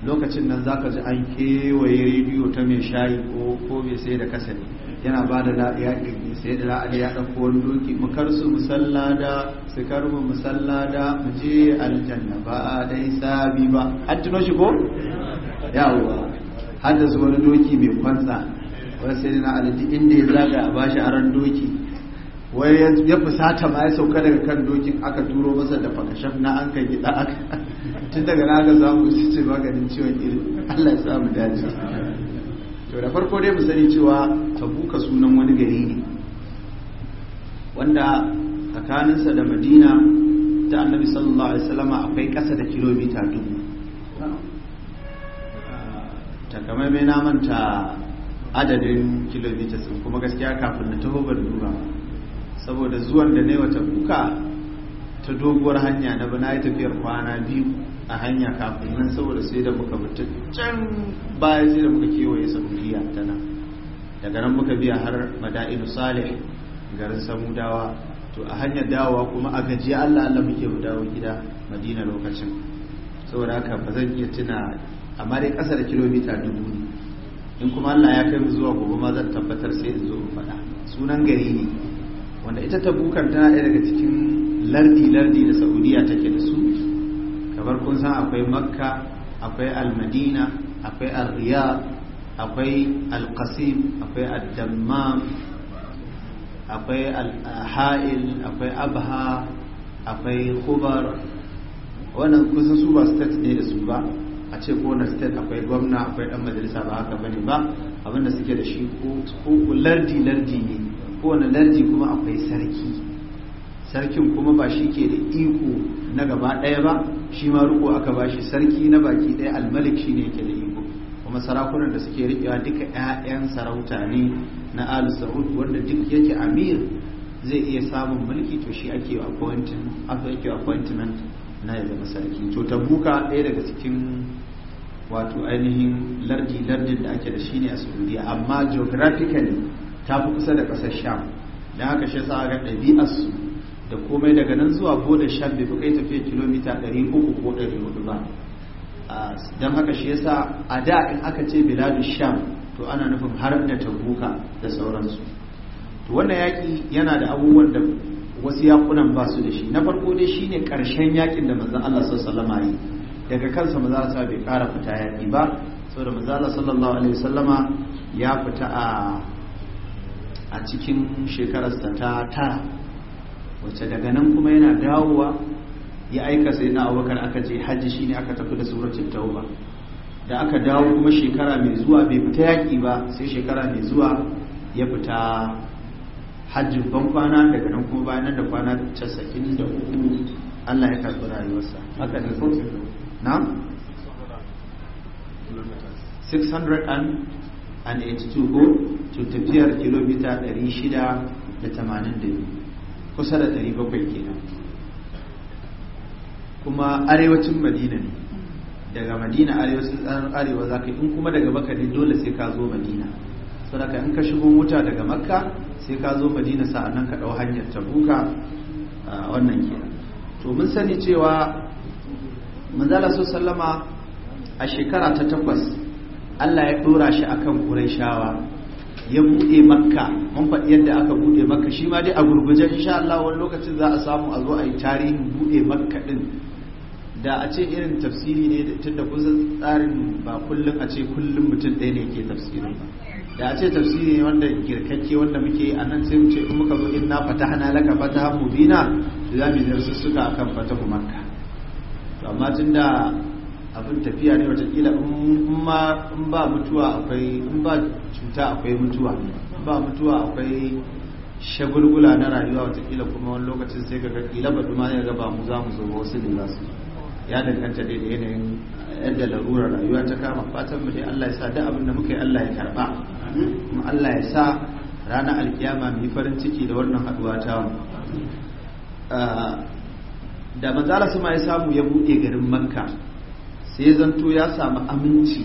lokacin nan za ka ji an kewaye rediyo ta mai shayi ko mai sai da kasani yana ba da ɗin sai da la'ali ya ɗauko wani doki mu kar su musalla da su kar mu musalla da mu je aljanna ba a dai sabi ba an tuno shi ko yawa har su wani doki mai kwansa wani sai da la'ali inda ya zaga a bashi aran doki wai ya fusata ma ya sauka daga kan dokin aka turo masa da fakashaf na an kan gida aka tun daga na aka samu su ce maganin ciwon iri allah ya samu daji to da farko dai mu sani cewa tabuka sunan wani gari ne wanda tsakaninsa da madina ta annabi sallallahu alaihi wasallama akwai kasa da kilomita dubu takamaimai na manta adadin kilomita sun kuma gaskiya kafin na taho ban duba saboda zuwan da na wata kuka ta doguwar hanya na bana yi tafiyar kwana biyu a hanya kafin nan saboda sai da muka mutu can baya sai da muka kewaye saudiya ta nan daga nan muka biya har mada'inu salih garin samudawa to a hanyar dawowa kuma a gaji allah allah muke mu dawo gida madina lokacin saboda haka ba zan iya tuna amma dai kasa da kilomita dubu ne in kuma allah ya kai mu zuwa gobe ma zan tabbatar sai in zo in faɗa sunan gari ne wanda ita ta tana ɗaya daga cikin lardi-lardi da saudiya take da su kamar kun san akwai makka akwai almadina akwai al-riyad akwai al-qasim akwai al akwai al-ha'il akwai abha akwai khubar wannan kusan su ba state ne da su ba a ce ko na state akwai gwamna akwai dan majalisa ba haka bane ba abinda suke da shi ko lardi-lardi ne kowane lardi kuma akwai sarki sarkin kuma ba shi ke da iko na gaba ɗaya ba shi ma riko aka ba shi sarki na baki ɗaya almalik shi ne yake da iko kuma sarakunan da suke riƙewa duka 'ya'yan sarauta ne na al saud wanda duk yake amir zai iya samun mulki to shi ake appointment na ya zama sarki to tabuka ɗaya daga cikin wato ainihin lardi lardin da ake da shi ne a saudiya amma geographically ta fi kusa da ƙasar sham don haka shi sa ga ɗabi'arsu da komai daga nan zuwa boda sham bai fi kai tafiya kilomita 300 ko 400 ba don haka shi yasa a da in aka ce biladu sham to ana nufin har da tabuka da sauransu to wannan yaƙi yana da abubuwan da wasu yakunan ba su da shi na farko dai shine ƙarshen yaƙin da manzon Allah sau alaihi yi daga kansa maza sa bai ƙara fita yaƙi ba saboda manzon Allah sallallahu alaihi wasallama ya fita a a cikin shekararsa ta tara wacce daga nan kuma yana dawowa ya aika sai na abubakar aka je hajji shi shine aka tafi da suratul tauba da aka dawo kuma shekara mai zuwa bai fita yaƙi ba sai shekara mai zuwa ya fita Hajji ban kwana daga nan kuma bayan da kwana casa'in da uku allah ya karɓi rayuwarsa haka ne ko and 82 ko to tafiyar kilomita 682 kusa da 700 kenan kuma arewacin madina ne daga madina arewacin tsarin arewa za ka in kuma daga maka ne dole sai ka zo madina saboda in ka shigo wuta daga makka sai ka zo madina sa'annan ka ɗau hanyar tabuka wannan kenan to mun sani cewa manzala sallama a shekara ta takwas Allah ya dora shi akan Qurayshawa ya bude Makka mun faɗi yadda aka bude Makka shi ma dai a gurguje insha Allah wani lokacin za a samu a zo a yi tarihin bude Makka din da a ce irin tafsiri ne tunda kusan tsarin ba kullum a ce kullum mutum ɗaya ne ke tafsirin ba da a ce tafsiri ne wanda girkakke wanda muke a nan sai mu ce in muka zo inna fatahna laka fataha mubina za mu yi darsussuka akan fatahu makka amma tunda abin tafiya ne watakila in ba mutuwa akwai in ba cuta akwai mutuwa in ba mutuwa akwai shagulgula na rayuwa watakila kuma wani lokacin sai ga kila ba duma ya gaba mu za mu zo ba wasu ne za su ya danganta dai da yanayin yadda larurar rayuwa ta kama fatan mu dai Allah ya sa duk abin da muka yi Allah ya karba kuma Allah ya sa ranar alkiyama mu yi farin ciki da wannan haduwa ta mu ah, da manzala su ma ya samu ya buɗe garin makka sai zanto ya samu aminci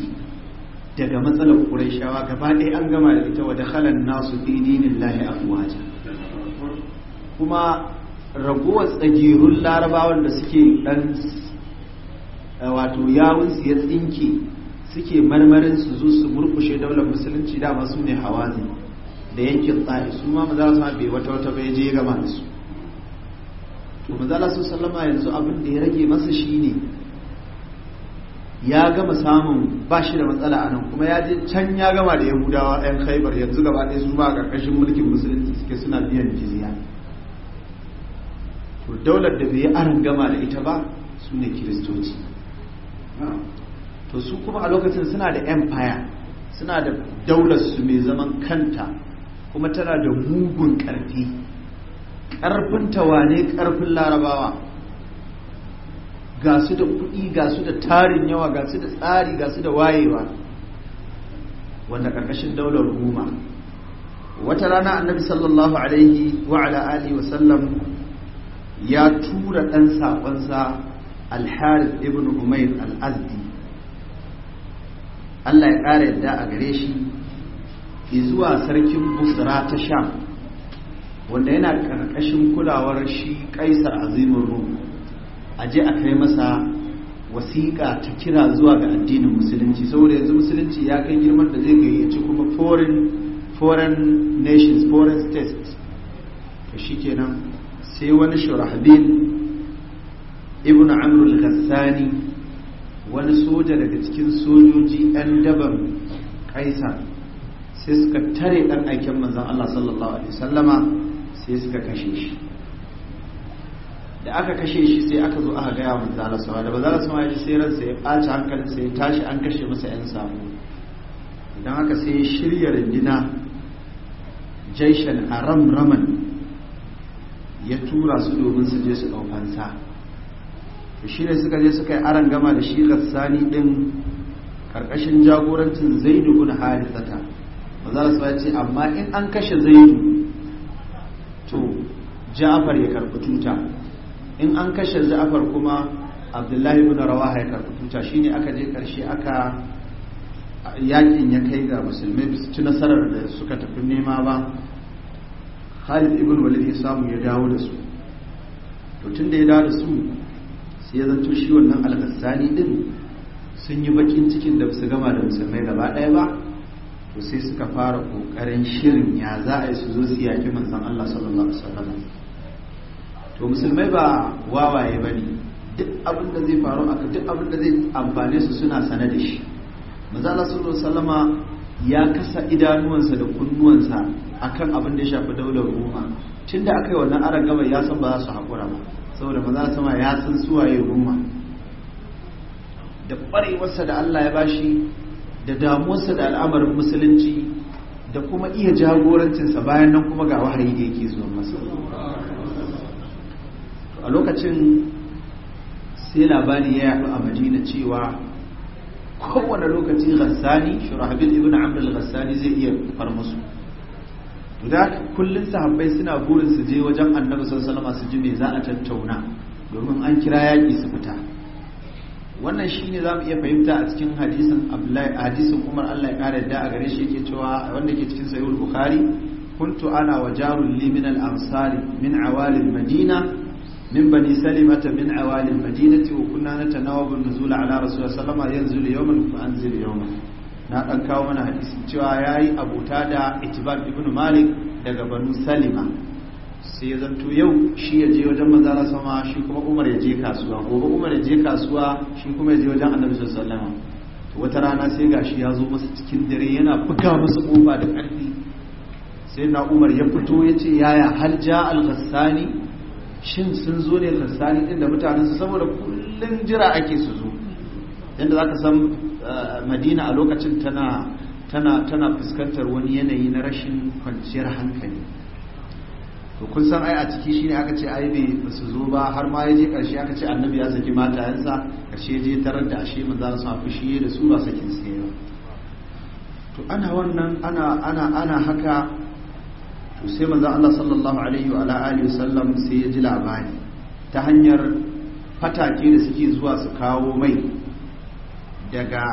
daga matsalar ƙurashawa, gaba ɗaya an gama da ita wa dakhalan nasu dinin lahi afwaja kuma ragowar tsagirun larabawan da suke ɗan eh, wato su ya tsinke suke marmarin su zo su murkushe daular musulunci dama su ne ne, da yankin tsari su ma maza su bai wata wata bai je gama da su to maza su sallama yanzu abin da ya rage masa shine ya gama samun ba shi da matsala a nan kuma ya je can ya gama da yahudawa yan khaibar yanzu gaba ɗaya su ba a ƙarƙashin mulkin musulunci suke suna biyan jizya to daular da bai an gama da ita ba su ne kiristoci to su kuma a lokacin suna da empire suna da daular su mai zaman kanta kuma tana da mugun ƙarfi ƙarfin tawane ƙarfin larabawa ga su da kuɗi ga su da tarin yawa ga su da tsari ga su da wayewa wanda ƙarƙashin daular goma wata rana annabi sallallahu alaihi wa ala alihi wa sallam ya tura ɗan saƙonsa alharif ibn umair al azdi allah ya ƙara yadda a gare shi zuwa sarkin busra ta sha, wanda yana ƙarƙashin kulawar shi kaisar azimin rumu a je a kai masa wasiƙa ta kira zuwa ga addinin musulunci saboda yanzu musulunci ya kai girman da zai gayyaci kuma foreign foreign nations foreign states to kenan sai wani shurahbil ibn amr al-ghassani wani soja daga cikin sojoji yan daban kaisar sai suka tare ɗan aikin manzon Allah sallallahu alaihi wasallama sai suka kashe shi da aka kashe shi sai aka zo aka gaya manzo Allah sama da manzo sama ya ji sai ransa ya ɓaci hankalinsa ya tashi an kashe masa yan samu idan haka sai ya shirya rindina jaishan aram-raman ya tura su domin su je su ɗau To shi ne suka je suka yi aron gama da shi gassani ɗin karkashin jagorancin zaidu bin harithata maza sawa ya ce amma in an kashe zaidu to Jafar ya karɓi tuta in an kashe ja'far kuma abdullahi ibn rawa ya karɓi tuta shine aka je karshe aka yakin ya kai ga musulmai su ci nasarar da suka tafi nema ba Khalid ibn Walid ya samu ya dawo da su to tun da ya dawo da su sai ya zanto shi wannan al din sun yi bakin cikin da su gama da musulmai gaba ɗaya ba to sai suka fara kokarin shirin ya za a yi su zo su yaki manzon Allah sallallahu alaihi wasallam to musulmai ba wawaye ba ne duk abin da zai faru a duk abin da zai amfane su suna sane da shi manzala sallallahu sallama ya kasa idanuwansa da kunnuwansa akan abin da ya shafi daular roma da aka yi wannan aran gaba ya san ba za su haƙura ba saboda mazala sama ya san suwaye roma da ƙwarewarsa da allah ya bashi da damuwarsa da al'amarin musulunci da kuma iya jagorancinsa bayan nan kuma ga wahayi da yake zuwa masa a lokacin sai labari ya yaɗu a madina cewa kowane lokaci ghassani shurahabil ibn abdul ghassani zai iya far musu to da kullun sahabbai suna burin su je wajen annabi sallallahu alaihi su ji me za a tattauna domin an kira yaki su fita wannan shine za mu iya fahimta a cikin hadisin abdullahi hadisin umar Allah ya kare da a gare shi yake cewa wanda ke cikin sahih bukhari kuntu ana wa jarul liminal min ansari min awalil madina من بني سلمة من عوالي المدينة وكنا نتناوب النزول على رسول الله صلى الله عليه وسلم ينزل يوما فأنزل يوما na ɗan kawo mana hadisi cewa ya yi abota da itibar ibn malik daga banu salima sai ya zanto yau shi ya je wajen manzara sama shi kuma umar ya je kasuwa gobe umar ya je kasuwa shi kuma ya je wajen annabi sallallahu to wata rana sai gashi ya zo musu cikin dare yana buga musu kofa da ƙarfi sai na umar ya fito ya ce yaya hal ja al-ghassani shin sun zo ne lissani din da mutanen su saboda kullun jira ake su zo inda za ka san eh, Madina a lokacin tana fuskantar wani yanayi na rashin kwanciyar hankali to kun san ai a ciki shine aka ce ai bai su zo ba har ma yaje karshe aka ce annabi ya saki matayensa karshe je tarar da ashe manzo su hafi shi da su ba sakin sai to ana wannan ana haka to sai manzon Allah sallallahu alaihi wa alihi wasallam sai ya ji labari ta hanyar fatake da suke zuwa su kawo mai daga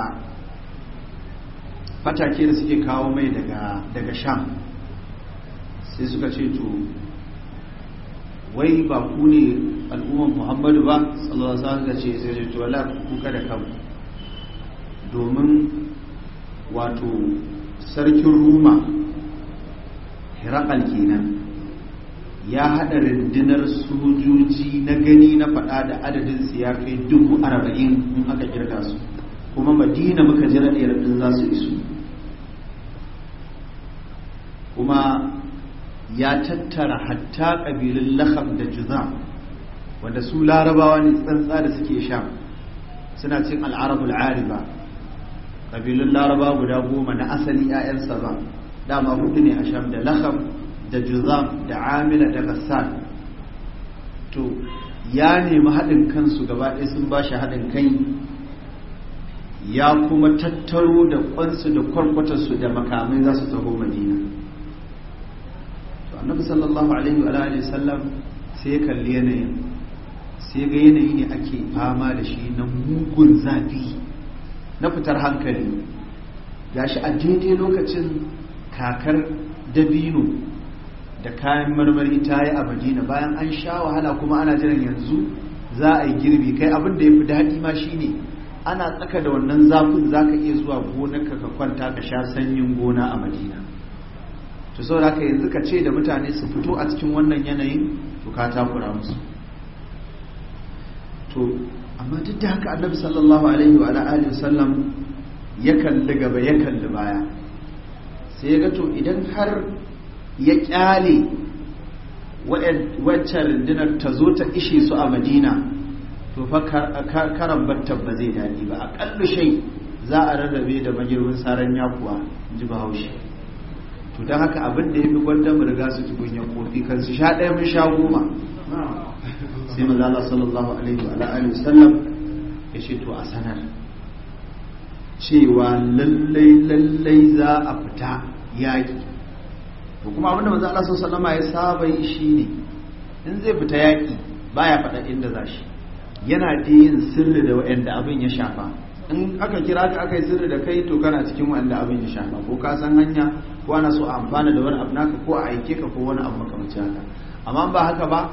fatake da suke kawo mai daga daga sham sai suka ce to wai ba ku ne al'ummar muhammadu ba sallallahu alaihi wasallam ce sai to wala ku kada kan domin wato sarkin ruma hirakal kenan ya haɗa rundunar sojoji na gani na faɗa da adadin su ya kai dubu arba'in in aka kirga su kuma madina muka ji raɗe za su isu kuma ya tattara hatta ƙabilun lahab da juza wanda su larabawa ne tsantsa da suke sha suna cin al'arabul ariba ƙabilun larabawa guda goma na asali 'ya'yan ba dama hudu ne asham da laham da juzam da amina da gassan to ya nemi haɗin kansu gaba ɗaya sun ba shi haɗin kai ya kuma tattaro da kwansu da kwarkwatarsu da makamai za su taho madina to annabi sallallahu alaihi wa alihi sallam sai ya kalli yanayin sai ga yanayi ne ake fama da shi na mugun zafi na fitar hankali gashi a daidai lokacin kakar dabino da kayan marmari ta yi a madina bayan an sha wahala kuma ana jiran yanzu za a yi girbi kai abin da ya fi daɗi ma shine ana tsaka da wannan zafin za ka iya zuwa gonarka ka kwanta ka sha sanyin gona a madina to saboda ka yanzu ka ce da mutane su fito a cikin wannan yanayin to ka takura musu to amma duk da haka annabi sallallahu alaihi wa alihi wasallam ya kalli gaba ya kalli baya sai ga to idan har ya kyale waccan rundunar ta zo ta ishe su a madina to fa karan ba zai daɗi ba aƙalla shai za a rarrabe da magirbin saran yakuwa ji bahaushe to don haka abin da ya fi gwanda mu riga su tukun ya kofi kan su sha ɗaya mun sha goma sai mazala sallallahu alaihi wa alihi wasallam ya ce to a sanar cewa lallai lallai za a fita yaƙi to kuma abinda manzo Allah sallama ya saba yi shine in zai fita yaƙi baya faɗa inda za shi yana da yin sirri da waɗanda abin ya shafa in aka kira ka aka yi sirri da kai to kana cikin waɗanda abin ya shafa ko ka san hanya ko ana so a amfana da wani abu naka ko a aike ka ko wani abu makamancin haka amma ba haka ba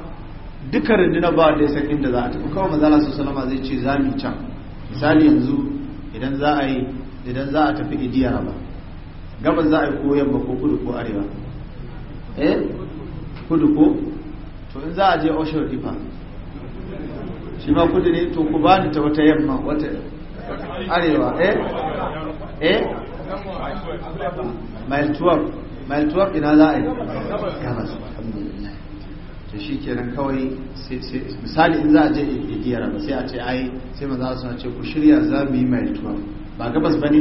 duka rundunar ba da ya san inda za a tafi kawai manzo Allah sallama zai ce za mu can misali yanzu idan za a yi idan za a tafi idiyar ba gabas za a yi ko yamma ko kudu ko arewa eh kudu ko to in za a je ocean ifa shi ma kudu ne to ku bani ta wata yamma wata arewa eh eh mile 12 mile 12 ina za a yi gabas alhamdulillah ta shi kenan kawai misali in za a je igiyar ba sai a ce ai sai maza su ce ku shirya za mu yi mile 12 ba gabas ba ne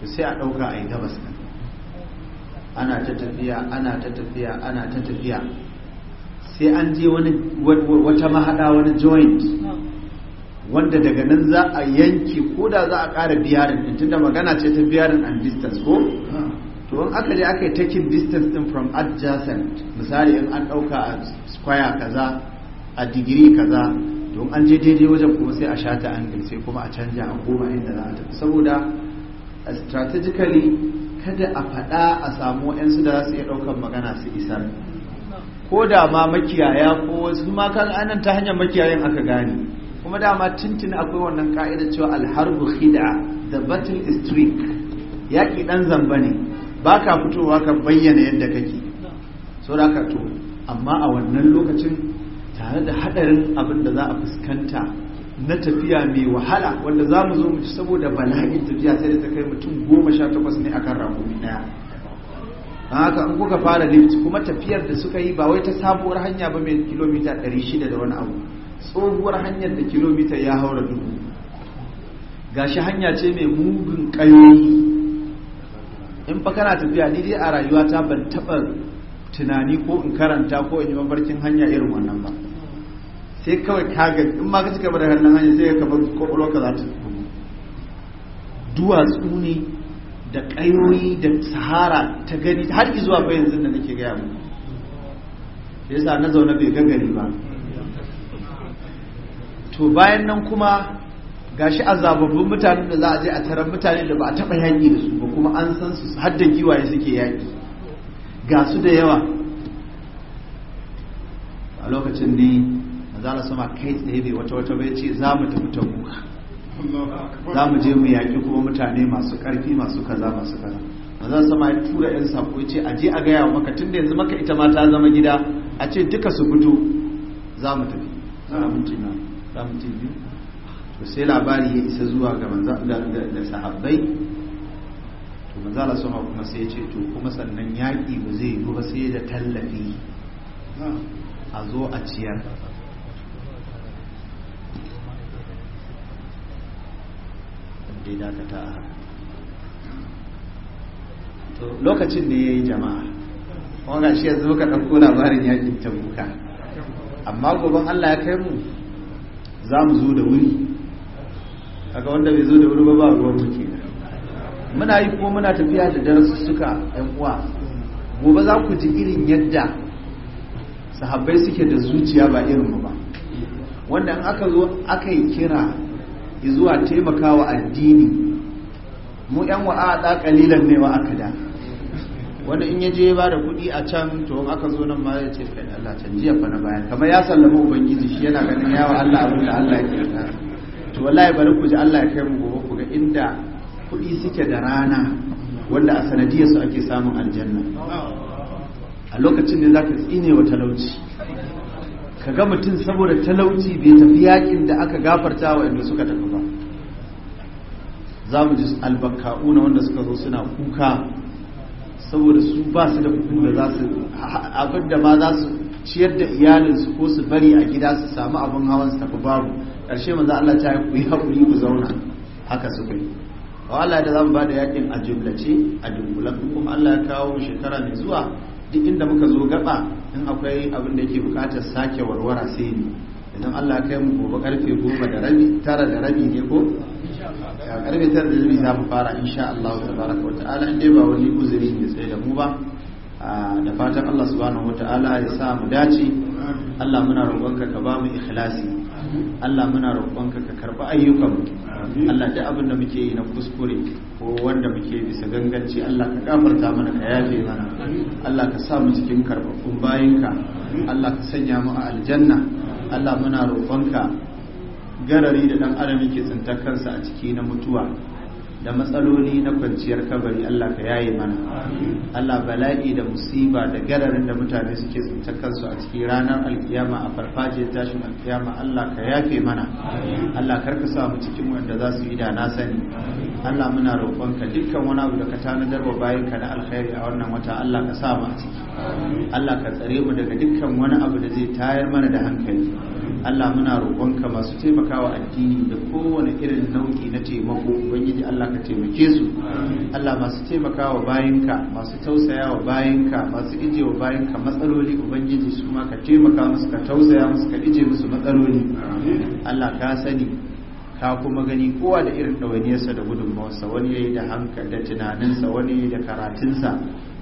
to sai a ɗauka a yi gabas ɗin ana ta tafiya ana ta tafiya ana ta tafiya sai an je wani wata mahaɗa wani joint wanda daga nan za a yanki ko da za a kara biyarin tunda magana ce ta biyarin and distance ko to in aka je aka yi taking distance din from adjacent misali in an dauka a square kaza a digiri kaza to an je daidai wajen kuma sai a shata angle sai kuma a canja a koma inda za a tafi saboda uh, strategically kada a faɗa a samu yansu da za su iya ɗaukar magana su isar ko da ma makiyaya ko wasu ma kan anan ta hanyar makiyayen aka gane kuma dama tuntun akwai wannan ka'idar cewa alharbu khida the battle is trick yaƙi ɗan zamba ne ba ka fitowa ka bayyana yadda kake so da ka to amma a wannan lokacin tare da hadarin abin da za a fuskanta na tafiya mai wahala wanda za mu zo mu ci saboda bala'in tafiya sai da ta kai mutum goma sha takwas ne akan rakumi daya haka in kuka fara lift kuma tafiyar da suka yi ba wai ta sabuwar hanya ba mai kilomita 600 da wani abu tsohuwar hanyar da kilomita ya haura dubu gashi hanya ce mai mugun ƙayoyi in fa kana tafiya ni dai a ta ban taɓa tunani ko in karanta ko in yi mafarkin hanya irin wannan ba sai kawai ka ga in ma ka cika da hannun hanya sai ka bar ka za ta kuma duwatsu ne da ƙayoyi da sahara ta gani har zuwa ba yanzu da nake gaya mu yasa na zaune bai ga gari ba to bayan nan kuma gashi azababbun mutanen da za a je a tarar mutane da ba a taɓa yaƙi da su ba kuma an san su hadda giwaye suke yaƙi ga su da yawa a lokacin ne na sama kai tsaye bai wata wata bai ce za mu tafi ta kuka za mu je mu yaƙi kuma mutane masu ƙarfi masu kaza masu kaza manzo sama ya tura yan sako ya ce a je a gaya wa maka tunda yanzu maka ita ma ta zama gida a ce duka su fito za mu tafi za mu tafi za mu to sai labari ya isa zuwa ga da sahabbai to manzala sama kuma sai ce to kuma sannan yaƙi ba zai yi ba sai da tallafi a zo a ciyar da dakata to lokacin da ya yi jama'a wanda shi yanzu muka ɗauko labarin yaƙin tabuka amma gobe allah ya kai mu za mu zo da wuri kaga wanda bai zo da wuri ba ba ruwan muke muna yi ko muna tafiya da darasussuka yan uwa gobe za ku ji irin yadda sahabbai suke da zuciya ba irin mu ba wanda in aka zo aka yi kira zuwa taimakawa addini mu yan wa'ada kalilan ne wa aka da wanda in yaje ya bada kuɗi a can to in aka zo nan ma ya ce kai Allah can ya fa na bayan kamar ya sallama ubangiji shi yana ganin yawa Allah abin da Allah ya kirta to wallahi bari ku ji Allah ya kai mu gobe ku ga inda kuɗi suke da rana wanda a sanadiyar su ake samun aljanna a lokacin ne za ka tsine wa talauci ka ga mutum saboda talauci bai tafi yakin da aka gafarta wa inda suka tafi ba za mu ji albaka'una wanda suka zo suna kuka saboda su ba su da kudin da za su abin da ma za su ciyar da iyalinsu ko su bari a gida su samu abin hawan su tafi babu karshe manzo Allah ta yi yi hakuri ku zauna haka su kai wa Allah da zamu bada yakin a jumlace a dunkula kuma Allah ya kawo mu shekara mai zuwa duk inda muka zo gaba in akwai abin da yake bukatar sake warwara sai ni idan Allah ya kai mu gobe karfe 10 da rabi tara da rabi ne ko ya karfe tara da rabi za mu fara insha Allah tabaraka wa ta'ala in ba wani uzuri ne sai da mu ba Ah, da fatan Allah subhanahu wata'ala ya sa mu dace Allah muna roƙonka ka ba mu ikhlasi Allah muna roƙonka ka karɓi ayyukan Allah da abin da muke yi na kuskure ko wanda muke bisa ganganci Allah ka gafarta mana ka yafe mana Allah ka sa mu cikin karɓaɓɓun bayinka Allah ka sanya mu a aljanna Allah muna roƙonka garari da ɗan adam yake tsinta kansa a ciki na mutuwa da matsaloli na kwanciyar kabari Allah ka yaye mana Allah bala'i da musiba da gararin da mutane suke tsintar kansu a cikin ranar alkiyama a farfajiyar tashin alkiyama Allah ka yafe mana Allah kar sa mu cikin wanda za su yi da na sani Allah muna ka dukkan wani abu da ka tanadar wa ka na alkhairi a wannan wata Allah ka sa mu a ciki Allah ka tsare mu daga dukkan wani abu da zai tayar mana da hankali Allah muna roƙonka masu taimakawa addini da kowane irin nau'i na taimako ubangiji Allah ka taimake su Allah masu taimakawa bayinka masu tausayawa bayinka masu ijewa bayinka matsaloli ubangiji su ma ka taimaka musu ka tausaya musu ka ije musu matsaloli Allah ka sani ka kuma gani kowa da irin ɗawainiyarsa da gudunmawarsa wani yayi da hankali da tunaninsa wani yayi da karatunsa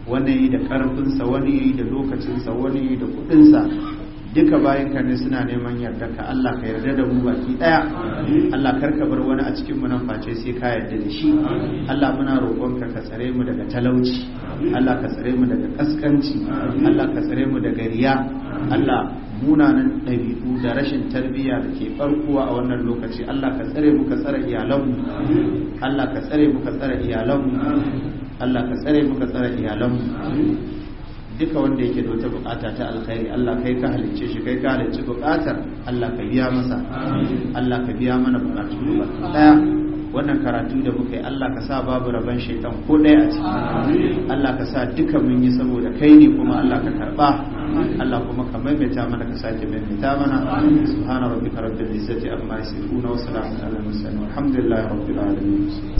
wani yayi da ƙarfinsa wani yayi da lokacinsa wani yayi da kuɗinsa duka bayan ne suna neman yarda ka Allah ka yarda da mu baki daya Allah kar ka bar wani a cikin mu nan face sai ka yarda da shi Allah muna roƙonka ka tsare mu daga talauci Allah ka tsare mu daga kaskanci Allah ka tsare mu daga riya Allah munanan ɗabi'u da rashin tarbiyya da ke farkuwa a wannan lokaci Allah ka tsare mu ka tsare iyalanmu Allah ka tsare mu ka tsare iyalanmu Allah ka tsare mu ka tsare iyalanmu duka wanda yake da wata bukata ta alkhairi Allah kai ka halicce shi kai ka halicce bukatar Allah ka biya masa Allah ka biya mana bukatu mu daya wannan karatu da muka yi Allah ka sa babu raban shaitan ko ɗaya a ciki Allah ka sa duka mun yi saboda kai ne kuma Allah ka karba Allah kuma ka maimaita mana ka sake maimaita mana subhana rabbika rabbil izzati amma yasifun wa salamun alal mursalin walhamdulillahi rabbil alamin